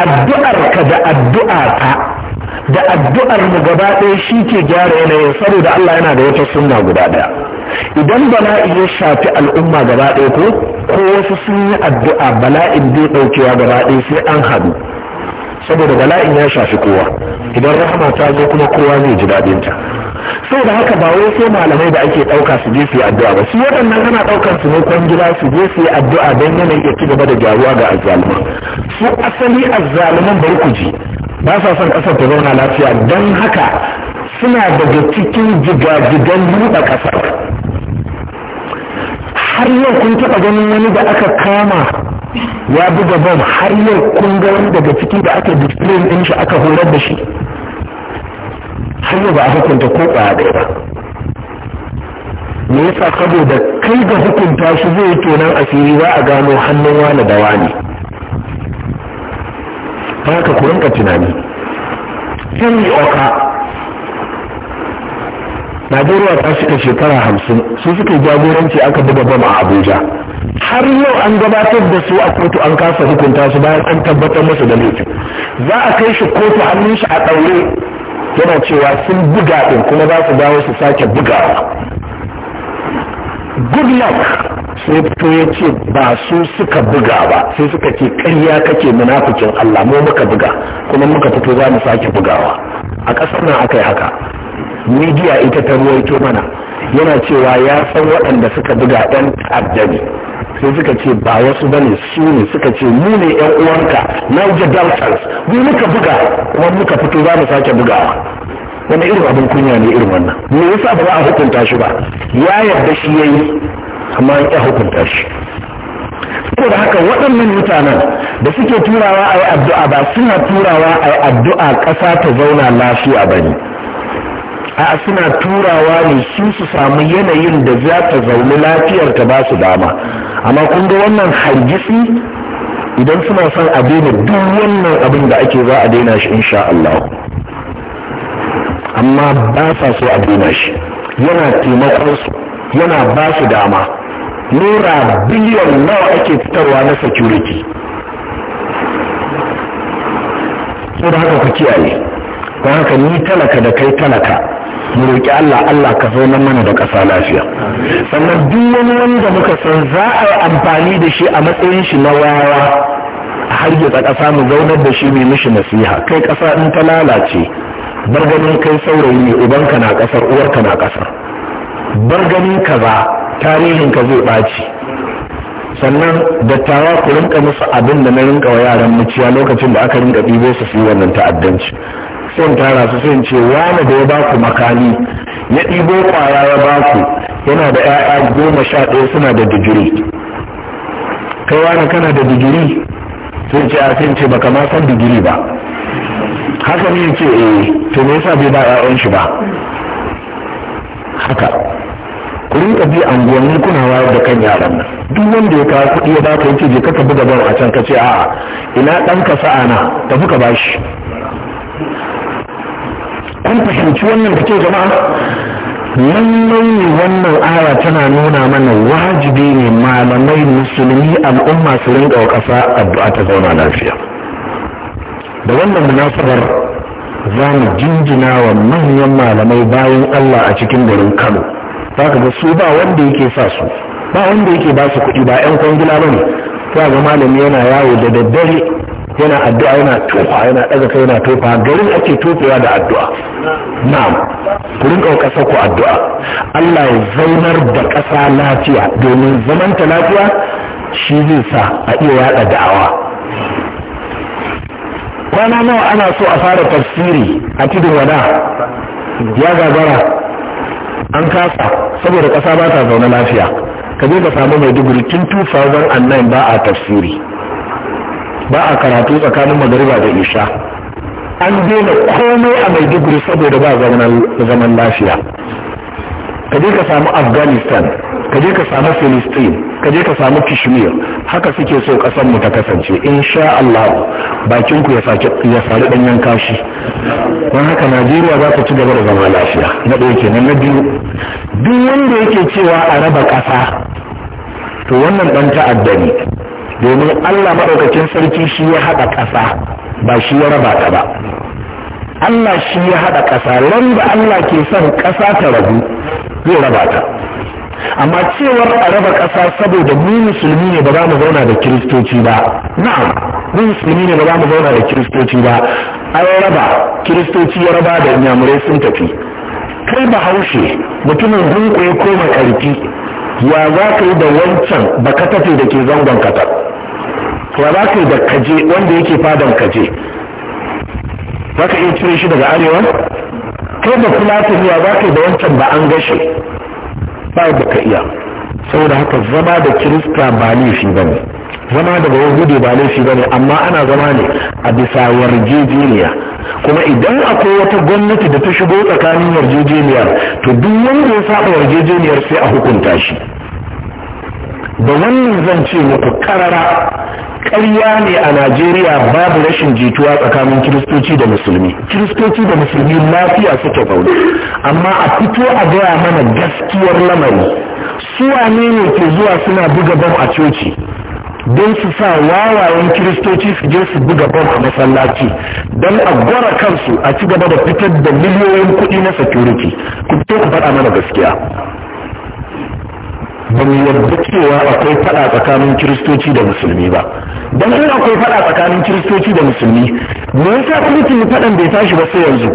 addu'ar ka da addu'a ta da addu'ar mu gaba ɗaya shi ke gyara yanayin saboda Allah yana da wata sunna guda ɗaya idan bala'i ya shafi al'umma gaba ɗaya ko ko wasu sun yi addu'a bala'in bai ɗaukewa gaba ɗaya sai an haɗu saboda bala'in ya shafi kowa idan rahama ta zo kuma kowa zai ji daɗin ta saboda haka ba wai sai malamai da ake ɗauka su je su yi addu'a ba su waɗannan ana ɗaukar su ne kwan gida su je su yi addu'a don yanayi ya ci gaba da gyaruwa ga azzaluma su asali azzaluman bai ku ji ba sa son ƙasar ta zauna lafiya don haka suna daga cikin jigajigan buɗe ƙasar har yau kun taɓa ganin wani da aka kama ya buga bom har yau kun ga wani daga ciki da aka displayin ɗin shi aka horar da shi har yau ba a hukunta ko ɗaya ɗaya ba me yasa saboda kai ga hukunta shi zai tonan asiri za a gano hannun wani da wani ta haka ku ka tunani henry oka najeriya ta shiga shekara hamsin su suka jagoranci aka buga bam a abuja har yau an gabatar da su a kotu an kasa hukunta su bayan an tabbatar masa da laifin za a kai shi kotu hannun shi a ɗaure yana cewa sun buga ɗin kuma za su dawo su sake buga. good sai fito ya ce ba su suka buga ba sai suka ce karya kake munafikin Allah mu muka buga kuma muka fito za mu sake bugawa a ƙasar nan aka yi haka midiya ita ta ruwaito mana yana cewa ya san waɗanda suka buga ɗan ta'addani sai suka ce ba wasu bane su ne suka ce mu ne yan uwanka Niger Deltas mu muka buga kuma muka fito za mu sake bugawa wani irin abin kunya ne irin wannan me yasa ba za a hukunta shi ba ya yarda shi yayi amma ya hukunta shi saboda haka waɗannan mutanen da suke turawa a yi addu'a ba suna turawa a yi addu'a ƙasa ta zauna lafiya ba ne a suna turawa ne su su samu yanayin da za ta zaune lafiyar ta ba su dama amma kun ga wannan hargitsi idan suna son a daina duk wannan abin da ake za a daina shi insha Allah amma ba sa so a daina shi yana taimakon su yana ba su dama nura biliyon nawa ake fitarwa na security da haka ku kiyaye don haka ni talaka da kai talaka mu roƙi Allah Allah ka zauna mana da ƙasa lafiya sannan duk wani wanda muka san za a yi amfani da shi a matsayin shi na wawa a hargitsa ƙasa mu zaunar da shi mai mishi nasiha kai ƙasa in ta lalace bar ganin kai saurayi ne ubanka na ƙasar uwarka na ƙasar bar ganin kaza tarihin ka zai ɓaci sannan dattawa ku rinka musu abin da na rinka wa yaran muciya lokacin da aka rinka ɗibo su su yi wannan ta'addanci sai in tara su sai ce wani da ya ba ku makami ya ɗibo ƙwaya ya ba ku yana da 'ya'ya goma sha ɗaya suna da digiri kai wani kana da digiri sai ce a sai ce baka ma san digiri ba haka ne ce eh to me yasa bai ba 'ya'yan shi ba haka ku rika bi anguwanni kuna wayar da kan yaran nan duk wanda ya kawo kuɗi ya baka yake je ka buga bar a can ka ce a'a ina dan ka sa'ana tafi ka bashi kun fahimci wannan da ke jama'a Nan ne wannan aya tana nuna mana wajibi ne malamai musulmi al'umma su rinka wa ƙasa addu'a ta zauna lafiya da wannan munasabar za mu jinjina wa manyan malamai bayan allah a cikin garin kano za ka ga su ba wanda yake sa su ba wanda yake ba su kuɗi ba 'yan kwangila ba ne ta ga malami yana yawo da daddare yana addu'a yana tofa yana ɗaga kai yana tofa garin ake tofewa da addu'a na'am ku rinka ƙasa ku addu'a Allah ya zaunar da ƙasa lafiya domin zamanta lafiya shi zai sa a iya yaɗa da'awa kwana nawa ana so a fara tafsiri a tudun wada ya gagara an kasa saboda ƙasa ba ta zaune lafiya ka je ka samu maiduguri tun 2009 ba a tafsiri ba a karatu tsakanin magariba da isha an daina komai a maiduguri saboda ba zaman lafiya ka je ka samu afghanistan ka je ka samu philistine ka je ka samu kashmir haka suke so kasan mu ta kasance insha Allah bakin ku ya sari danyen kashi don haka Najeriya za ta ci gaba da zama lafiya na ɗaya kenan na biyu duk wanda yake cewa a raba ƙasa to wannan dan ta'adda ne domin Allah maɗaukakin sarki shi ya haɗa ƙasa ba shi ya raba ta ba Allah shi ya haɗa ƙasa lamba Allah ke son ƙasa ta rabu zai raba ta amma cewar a raba ƙasa saboda mu musulmi ne ba za mu zauna da kiristoci ba na'am mu musulmi ne ba za mu zauna da kiristoci ba an raba kiristoci ya raba da inyamurai sun tafi kai bahaushe mutumin hunko ya koma karfi ya za ka yi da wancan baka tafi da ke zangon katar ya za ka yi da kaje wanda yake fadan kaje Zaka iya cire shi daga arewa kai da ta ya za ka da wancan ba an gashe ba da ka iya saboda haka zama da kirista ba laifi ba ne zama da bayan ba laifi ba ne amma ana zama ne a bisa yarjejeniya kuma idan akwai wata gwamnati da ta shigo tsakanin yarjejeniyar to duk wanda ya saba yarjejeniyar sai a hukunta shi da wannan zan ce muku karara ƙarya ne a Najeriya babu rashin jituwa tsakanin kiristoci da musulmi kiristoci da musulmi lafiya suke zaune amma a fito a gaya mana gaskiyar lamari su Wanene ne ke zuwa suna buga bam a coci don su sa wawayen kiristoci su je su buga bam a masallaci don a gwara kansu a ci gaba da fitar da miliyoyin kuɗi na security ku ku faɗa mana gaskiya ba mu yarda cewa akwai fada tsakanin kiristoci da musulmi ba don in akwai fada tsakanin kiristoci da musulmi me yasa kwamitin fadan bai tashi ba sai yanzu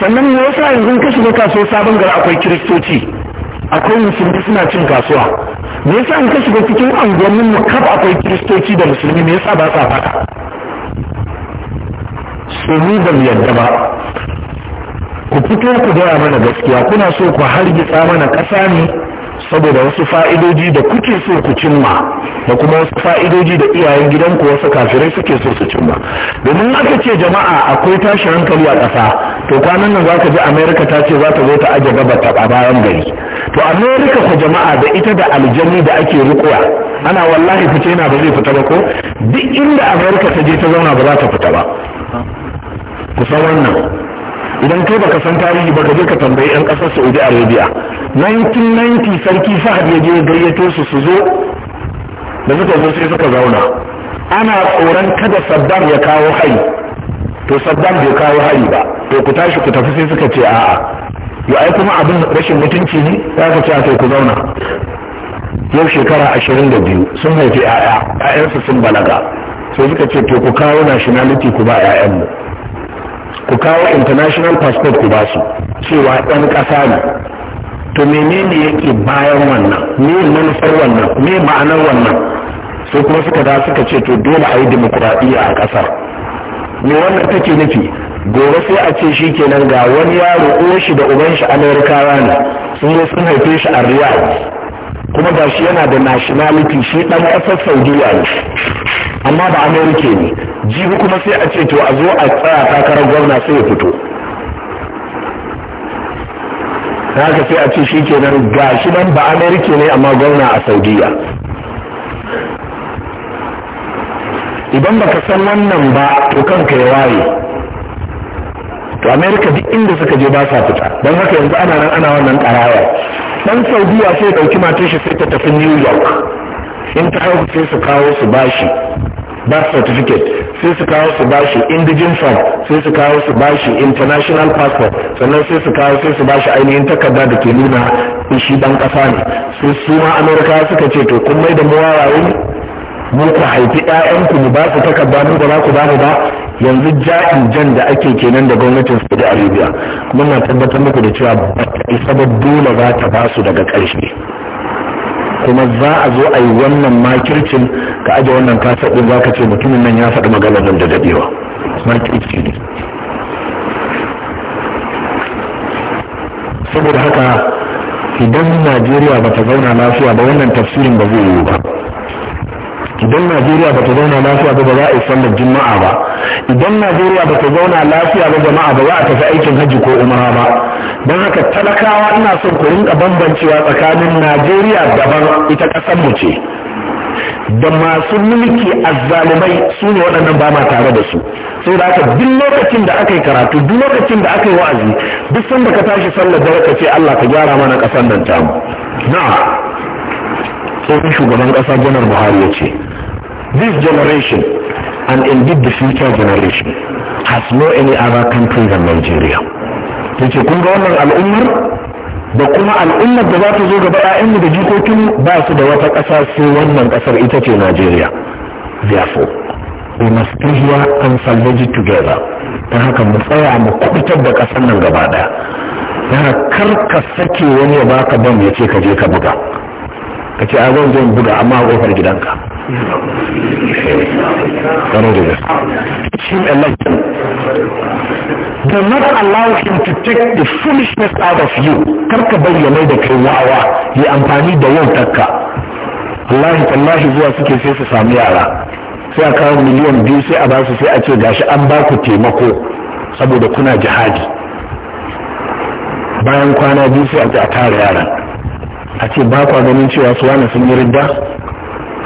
sannan me yasa yanzu ka shiga kasuwar sabon gari akwai kiristoci akwai musulmi suna cin kasuwa me yasa in kashi ba cikin anguwannin mu kaf akwai kiristoci da musulmi me yasa ba sa fada su ni da mu yarda ba ku fito ku gaya mana gaskiya kuna so ku hargitsa mana ƙasa ne saboda wasu fa'idoji da kuke so ku cimma da kuma wasu fa'idoji da iyayen gidanku wasu kafirai suke so su cimma domin aka ce jama'a akwai tashi hankali a ƙasa to kwanan nan za ka ji amerika ta ce za ta zo ta aje gabata a bayan gari to amerika ku jama'a da ita da aljani da ake rikuwa ana wallahi fice na ba zai fita ba ko duk inda amerika ta je ta zauna ba za ta fita ba ku san wannan idan kai baka san tarihi baka je ka tambayi yan kasar saudi arabia 1990 sarki fahad ya je gayyato su su zo da suka zo sai suka zauna ana tsoron kada saddam ya kawo hari to saddam bai kawo hari ba to ku tashi ku tafi sai suka ce a'a ya ai kuma abin rashin mutunci ne za ka ce a ku zauna yau shekara ashirin da biyu sun haifi 'ya'ya 'ya'yansu sun balaga sai suka ce to ku kawo nationality ku ba 'ya'yanmu ku kawo international passport ku basu cewa ɗan ƙasa ne to menene yake bayan wannan me manufar wannan me ma'anar wannan So kuma suka da suka ce to dole a yi demokuraɗiyya a ƙasar me wannan take nufi gobe sai a ce shi kenan ga wani yaro uwar shi da uban shi amerikawa ne sun sun haife shi a riyadh kuma gashi yana da nationality shi dan kasar saudiya ne amma ba amerika ne jibi kuma sai a ce to a zo a tsaya takarar gwamna sai ya fito haka sai a ce shi kenan shi nan ba amerika ne amma gwamna a saudiya idan baka san wannan ba to kanka ya waye to amerika duk inda suka je ba sa fita don haka yanzu ana nan ana wannan karawa dan saudiya sai ɗauki matar shi sai ta tafi new york in ta haihu sai su kawo su bashi birth certificate sai su kawo su bashi indigin form sai su kawo su bashi international passport sannan sai su kawo sai su bashi ainihin takarda da ke nuna shi dan kasa ne sai su ma amurka suka ce to kun mai da mu wawaye mu ku haifi ƴaƴanku mu ba su takarda mu ba za ku ba mu ba yanzu ja'in jan da ake kenan da gwamnatin Saudi Arabia muna tabbatar muku da cewa ba ta isa ba dole za ta ba su daga ƙarshe kuma za a zo a yi wannan makircin ka aje wannan kasar ɗin za ka ce mutumin nan ya faɗi magana nan da daɗewa makirci ne saboda haka idan najeriya ba ta zauna lafiya ba wannan tafsirin ba zai yiwu ba idan najeriya ba ta zauna lafiya ba za a yi sallar juma'a ba idan najeriya ba ta zauna lafiya ba jama'a ba za a tafi aikin hajji ko umara ba don haka talakawa ina son ku rinka bambancewa tsakanin najeriya daban ita ƙasar mu ce da masu mulki azzalumai su ne waɗannan ba ma tare da su sai da aka duk lokacin da aka yi karatu duk lokacin da aka yi wa'azi duk sanda ka tashi sallar dare ka ce Allah ka gyara mana ƙasar nan tamu na'am sai shugaban ƙasa janar Buhari ya ce this generation and indeed the future generation has no any other country than Nigeria. ce kun ga wannan al'ummar da kuma al'ummar da za ta zo gaba ƴaƴanmu da jikokin ba su da wata ƙasa sai wannan ƙasar ita ce Nigeria. Therefore, we must be here and salvage together. ta haka mu tsaya mu kubutar da ƙasar nan gaba ɗaya. Yana kar ka sake wani ya baka bam ya ce ka je ka buga. Ka ce a zan buga amma a ƙofar gidanka. Don't do this. Teach him not allow him to take the foolishness out of you. Karka bayyana da kai wawa Yi amfani da takka. Wallahi tallahi zuwa suke sai su sami yara. Sai a kawo miliyan biyu sai a basu sai a ce gashi an ba ku taimako saboda kuna jihadi. Bayan kwana biyu sai a ce a tara yara. A ce ba kwa ganin cewa su wani sun yi ridda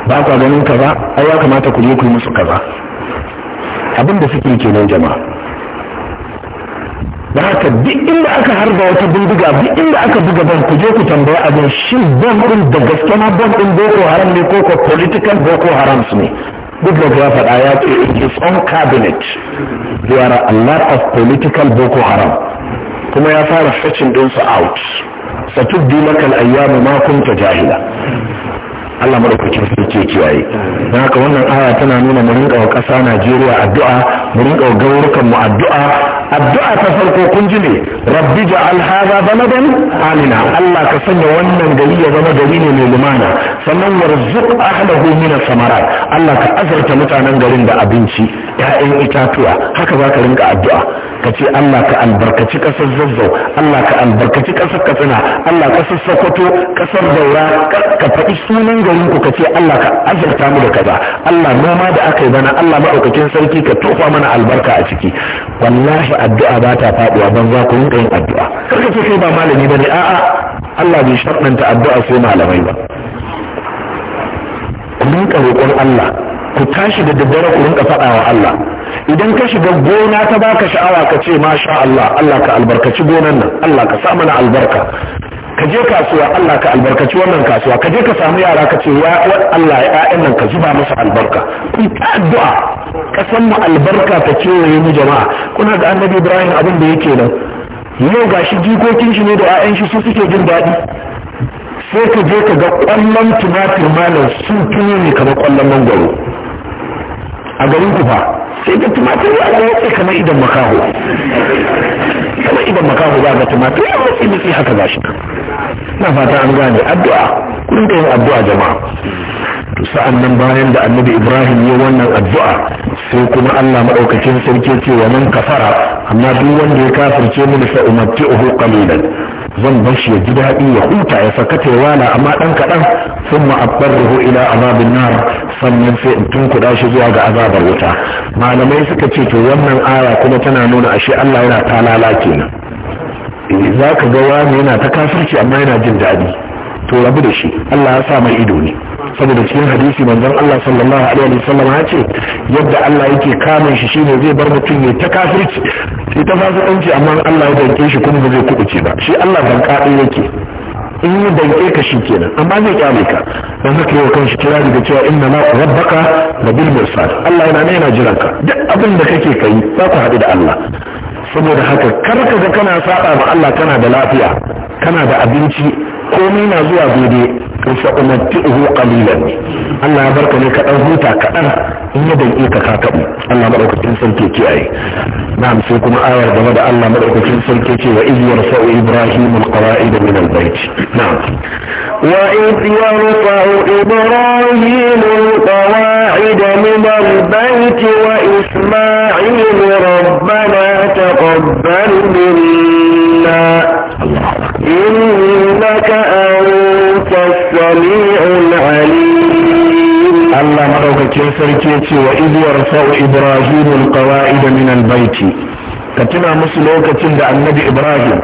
ba ka ganin kaza ai ya kamata ku je ku yi musu kaza abin da suke nan jama'a da haka duk inda aka harba wata bindiga duk inda aka buga ban ku je ku tambaya abin shin ban din da gaske ma ban din boko haram ne ko ko political boko haram ne duk da ya faɗa ya ce in his own cabinet there are a lot of political boko haram kuma ya fara fetching ɗinsu out satubbi lakal ayyamu ma kunta jahila Allah madaukakin sarki ya kiyaye don haka wannan aya tana nuna mu rinka wa ƙasa Najeriya addu'a mu rinka wa gaurukan mu addu'a addu'a ta farko kun ji ne rabbi ja'al hadha baladan amina Allah ka sanya wannan gari ya zama gari ne mai lumana sannan warzuq ahlahu min samarat Allah ka azarta mutanen garin da abinci ya'yan itatuwa haka za ka rinka addu'a ka ce Allah ka albarkaci ƙasar zazzau Allah ka albarkaci ƙasar Katsina Allah ƙasar Sokoto ƙasar Daura ka faɗi sunan garin ku ka ce Allah ka azurta mu da kaza Allah noma da aka yi bana Allah maɗaukakin sarki ka tofa mana albarka a ciki wallahi addu'a ba ta faɗuwa ban za ku rinka yin addu'a kar ka ce kai ba malami ba ne a'a Allah bai sharɗanta addu'a sai malamai ba ku rinka roƙon Allah ku tashi da daddare ku rinka faɗa Allah idan ka shiga gona ta baka sha'awa ka ce masha Allah Allah ka albarkaci gonan nan Allah ka sa mana albarka ka je kasuwa Allah ka albarkaci wannan kasuwa ka je ka samu yara ka ce ya Allah ya ƴaƴan nan ka zuba masa albarka ku ta addu'a kasan mu albarka ta kewaye mu jama'a kuna ga annabi Ibrahim abin da yake nan yau gashi jikokin shi ne da ƴaƴan shi su suke jin daɗi sai ka je ka ga ƙwallon tumatir malam sun tuni ne kamar ƙwallon mangwaro a garin ku fa sai da tumatir ya ce kamar idan makaho sama idan makahu za ga tumatir ya matsi matsi haka ba shi na fata an gane addu'a kun da yin addu'a jama'a to sa'an nan bayan da annabi ibrahim ya wannan addu'a sai kuma allah maɗaukakin sarki ce wa man kafara amma duk wanda ya kafirce mini fa umatti'uhu qalilan zan bar shi ya ji daɗi ya huta ya sakata ya wala amma ɗan kaɗan sun ma'abbarruhu ila azabin nar sannan sai in tunkuɗa shi zuwa ga azabar wuta malamai suka ce to wannan aya kuma tana nuna ashe Allah yana talala kenan eh, za ka ga wani yana ta kafirci amma yana jin daɗi to rabu da shi Allah ya sa mai ido ne saboda cikin hadisi manzon Allah sallallahu alaihi wasallam ya ce yadda Allah yake kamun shi shine zai bar mutum ya ta kafirci sai ta fasikanci amma Allah ya danke shi kuma ba zai kubuce ba shi Allah ban kadin yake in yi danke ka shi kenan amma zai kyale ka dan haka yau kan shi kira daga cewa inna ma rabbaka rabil mursal Allah yana ne yana jiran ka duk abin da kake kai yi ku haɗu da Allah saboda haka kar ka ga kana saba ma Allah kana da lafiya kana da abinci komai na zuwa gobe in sa umarti uhu kalilan Allah ya barka ne kaɗan huta kaɗan in yi dan ka ka taɓu Allah maɗaukakin sarki kiyaye na sai kuma ayar game da Allah maɗaukakin sarki ce wa iz yarfa'u ibrahim alƙawa'i da minan baiti na wa iz yarfa'u ibrahim alƙawa'i da minan baiti wa isma'il rabbana ƙabbar minna Allah إنك أنت السميع العليم الله مدوك كيسر كيتي وإذ يرفع إبراهيم القواعد من البيت كتنا مسلوك تند النبي إبراهيم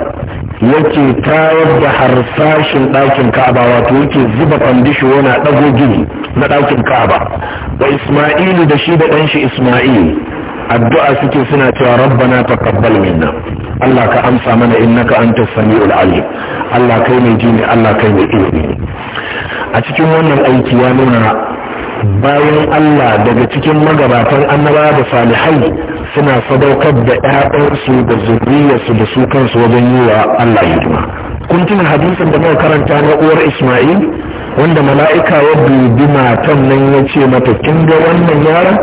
yake tayar da harsashin ɗakin ka'aba wato yake zuba kwandishi wana ɗago gini na ɗakin ka'aba Da isma'ilu da shi da ɗanshi isma'il addu'a suke suna cewa rabbana taqabbal minna Allah ka amsa mana innaka ka samiul alim Allah kai mai ji ne Allah kai mai ilimi a cikin wannan aiki ya nuna bayan Allah daga cikin magabatan annaba da salihai suna sadaukar da ƴaƴansu da zurriyarsu da su kansu wajen yi wa Allah hidima kun tuna hadisin da muka karanta na uwar Isma'il wanda mala'ika ya dubi matan nan ya ce mata kin ga wannan yaron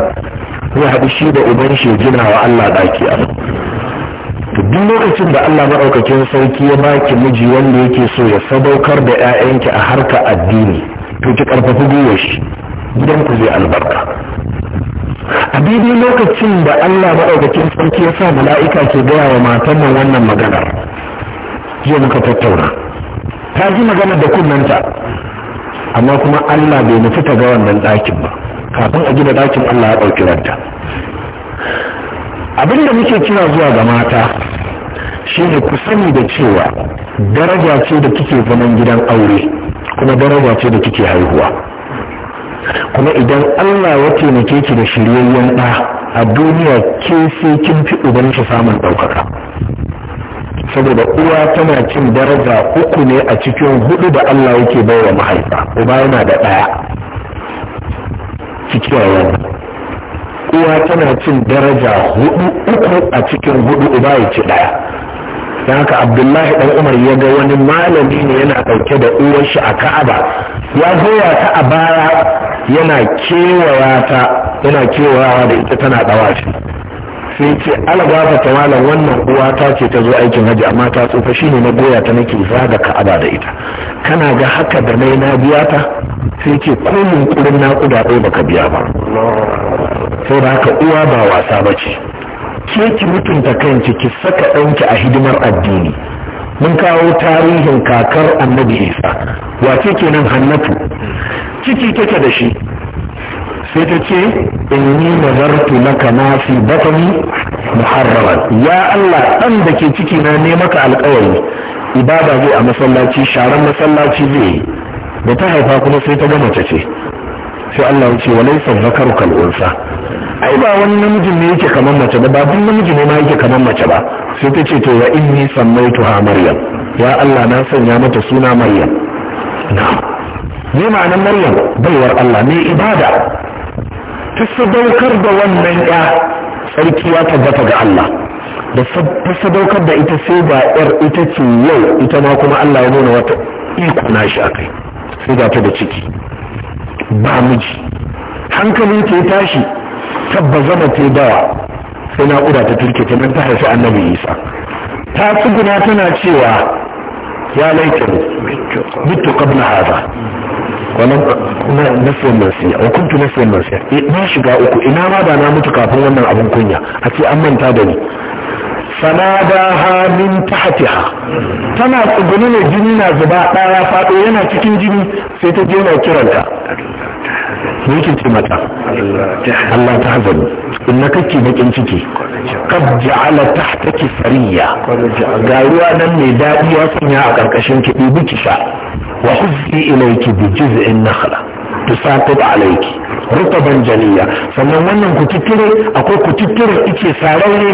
ya haɗu shi da uban shi gina wa Allah ɗaki a to duk lokacin da Allah maɗaukakin sarki ya baki miji wanda yake so ya sadaukar da 'ya'yanki a harka addini to ki ƙarfafi gwiwar shi gidan ku zai albarka a daidai lokacin da Allah maɗaukakin sarki ya sa mala'ika ke gaya wa matan nan wannan maganar jiya muka tattauna ta ji maganar da kunnanta amma kuma Allah bai nufi ta ga wannan ɗakin ba kafin a gina dakin Allah ya ɗauki ranta abin da muke kira zuwa ga mata shi ne ku sani da cewa daraja ce da kike zaman gidan aure kuma daraja ce da kike haihuwa kuma idan Allah ya taimake ki da shiryayyen ɗa a duniya ke sai kin fi uban shi samun ɗaukaka saboda uwa tana cin daraja uku ne a cikin hudu da Allah yake bai wa mahaifa uba yana da ɗaya ki kiyaye uwa tana cin daraja hudu uku a cikin hudu uba ya ci daya don haka abdullahi dan umar ya ga wani malami ne yana dauke da uwar shi a ka'aba ya goya ta a baya yana kewaya ta yana kewayawa da ita tana shi sai ce alababa ta wannan uwa ta ce ta zo aikin haji amma ta tsufa ne na goya ta nake zaga ka'aba da ita kana ga haka da mai na biya ta sai ce ko yunƙurin na kuda ɗaya baka biya ba sai da haka uwa ba wasa ba ce ke ki mutunta kanki ki saka ɗanki a hidimar addini mun kawo tarihin kakar annabi isa wace kenan hannatu ciki take da shi sai ta ce inni nazartu laka ma fi batni muharraman ya Allah dan da ke ciki na ne maka alƙawari ibada zai a masallaci sharan masallaci zai da ta haifa kuma sai ta ga mace ce sai Allah ya ce walaysa zakaru kal unsa ai ba wani namijin ne yake kamar mace ba ba duk namiji ne ma yake kamar mace ba sai ta ce to wa inni sammaituha maryam ya Allah na sanya mata suna maryam na'am ne ma'anar maryam baiwar Allah ne ibada ta sadaukar da wannan ya sarki ya tabbata ga Allah da ta sadaukar da ita sai ba yar ita ce yau ita ma kuma Allah ya nuna wata iko na shi akai sai ga ta da ciki ba miji hankali ta tashi tabba zama ta dawa sai na'ura ta turke ta nan ta haifi annabi isa ta tsuguna tana cewa ya laifin mutu kabla haza wannan na nasiyar mansiya wa kuntu nasiyar mansiya eh, na shiga uku ina ma da na mutu kafin wannan abin kunya a ce an manta da ni fanadaha min tahtiha tana tsugune ne jini na zuba ɗaya faɗo yana cikin jini sai ta je na kiranta me ce mata Allah ta hazani in na kake bakin ciki kad ja'ala tahtaki sariya ga ruwa nan mai daɗi ya sanya a karkashin kiɗi bi sha wa huzzi ilayki bi juz'in nakhla tusaqit alayki rutaban janiya sannan wannan kututture akwai kututture ice sararre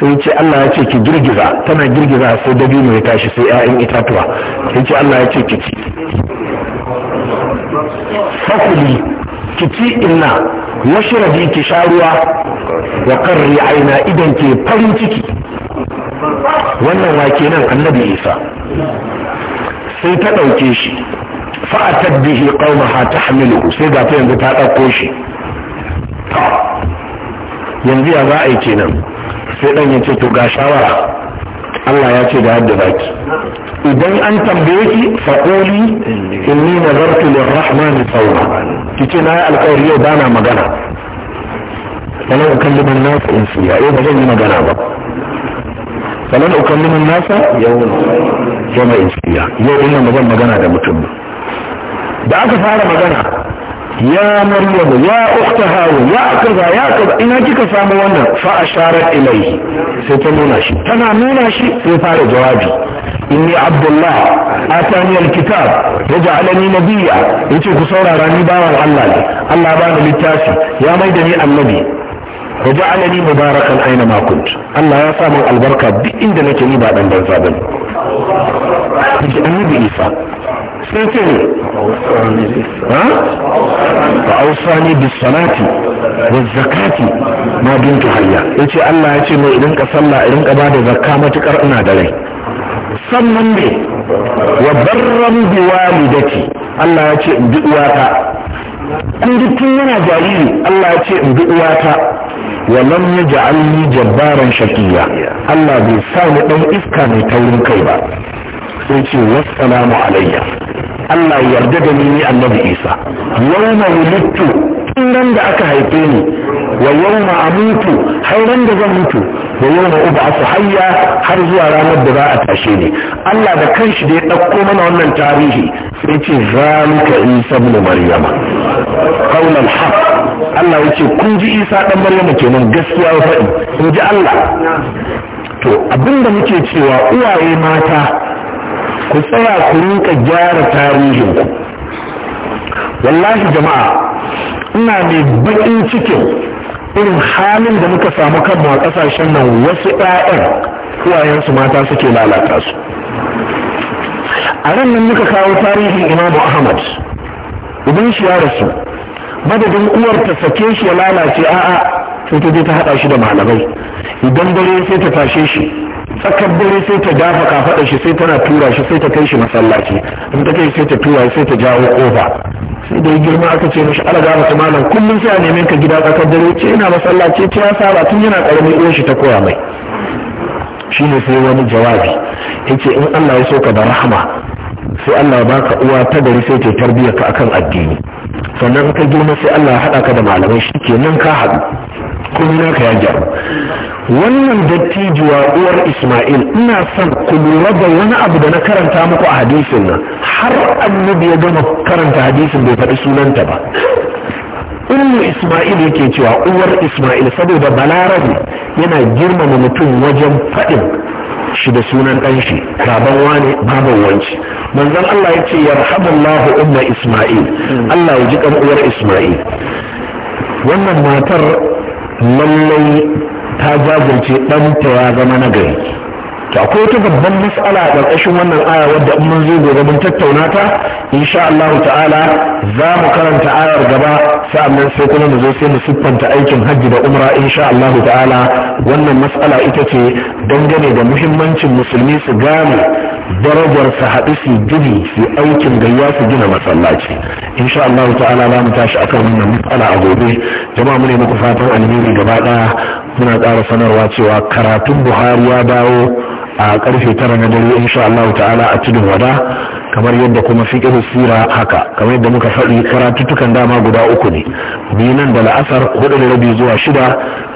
sai ce Allah ya ce ki girgiza tana girgiza sai dabino ya tashi sai 'ya'yan itatuwa sai ce Allah ya ce ki ci fakuli ki ci inna washrabi ki sha ruwa wa qarri ayna idan ke farin ciki wannan wake nan annabi Isa sai ta ɗauke shi فأتت به قومها تحمله سيدا فين بتاقوشي yanzu ya za a yi kenan sai dan ya ce to ga shawara Allah ya ce da hadda baki idan an tambaye ki faquli inni nazartu lirrahman sawma kice na yi alƙawari yau bana magana sanan ukalliman nasa in siya yau ba zan yi magana ba sanan ukalliman nasa yau yau mai in siya yau ina ba zan magana da mutum ba da aka fara magana ya maryamu ya ukhta hawu ya kaza ya kaza ina kika samu wannan fa asharat ilayhi sai ta nuna shi tana nuna shi sai fara jawabi inni abdullah atani alkitab yaj'alani nabiyya yace ku saurara ni bawan Allah ne Allah ba ni littafi ya maida ni annabi waja'alani mubarakan aina ma kunt Allah ya sa min albarka duk inda nake ni ba dan banza bane annabi Isa sai ce ha fa ausani bis salati waz zakati ma bintu hayya ce Allah ya ce mai idan ka sallah idan ka da zakka matukar ina da rai sannan ne wa barran bi walidati Allah ya ce in bi uwata kun ji tun yana jariri Allah ya ce in bi uwata Wa ya ja'alni jabbaran shakiya Allah bai sa ni dan iska mai taurin kai ba sai ce wassalamu alayya Allah ya yarda da ni annabi Isa yawma wulidtu tun da aka haife ni wa yawma amutu har nan da zan mutu wa uba su hayya har zuwa ranar da za a tashe ni Allah da kanshi da ya ɗauko mana wannan tarihi sai ce zalika Isa ibn Maryama qawl al Allah yace kun ji Isa dan Maryama kenan gaskiya wa faɗi kun ji Allah to abinda muke cewa uwaye mata ku tsaya ku rinka gyara tarihin ku wallahi jama'a ina mai bakin cikin irin halin da muka samu kanmu a kasashen nan wasu 'ya'yan uwayensu mata suke lalata su a ran nan muka kawo tarihin imamu ahmad idan shi ya rasu madadin uwar ta sake shi ya lalace a'a sai ta je ta haɗa shi da malamai idan dare sai ta tashe shi tsakar dare sai ta dafa kafaɗa shi sai tana tura shi sai ta kai shi masallaci in ta kai sai ta tura sai ta jawo kofa sai dai girma aka ce mishi ala gama ta malam kullum sai a neman ka gida tsakar dare ce yana masallaci ce ya saba tun yana karamin uwar shi ta koya mai shine sai wani jawabi yace in Allah ya so ka da rahama sai Allah ba ka uwa ta gari sai ke tarbiyyar ka akan addini sannan ka girma sai Allah haɗa ka da malamai shi ke nan ka haɗu kuma na ka ya wannan dattijuwa uwar Ismail ina son ku lura da wani abu da na karanta muku a hadisin nan har annabi ya gama karanta hadisin bai faɗi sunanta ba ummu Ismail yake cewa uwar Ismail saboda balarabe yana girmama mutum wajen faɗin shi da sunan ɗan shi baban wani baban wanci manzon Allah ya ce yarhamullahu umma isma'il Allah ya ji uwar isma'il wannan matar lallai ta jajirce ɗanta ya zama nagari to akwai wata babban mas'ala a ƙarƙashin wannan aya wadda in mun zo gobe mun tattauna ta insha Allah ta'ala za mu karanta ayar gaba sa'annan sai kuma mu zo sai mu siffanta aikin hajji da umra insha Allah ta'ala wannan mas'ala ita ce dangane da muhimmancin musulmi su gane darajar su haɗu su gini su aikin gayya su gina masallaci insha Allah ta'ala za mu tashi akan wannan mas'ala a gobe jama'a mu ne muku fatan alheri gaba ɗaya muna ƙara sanarwa cewa karatun Buhari ya dawo a karfe tara na dare insha Allah ta'ala a tudun wada kamar yadda kuma fiqh sira haka kamar yadda muka faɗi karatuttukan dama guda uku ne biyu nan da la'asar hudu da rabi zuwa shida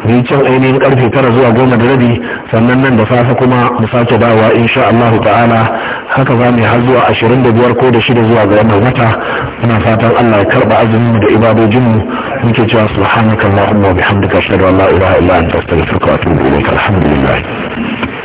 biyu can ainihin karfe tara zuwa goma da rabi sannan nan da safe kuma mu sake dawa insha Allah ta'ala haka za mu har zuwa ashirin da biyar ko da shida zuwa ga wannan wata muna fatan Allah ya karba azumin da ibadojinmu muke cewa allahumma wa bihamdika ashhadu an la ilaha illa anta astaghfiruka wa atubu ilaik alhamdulillah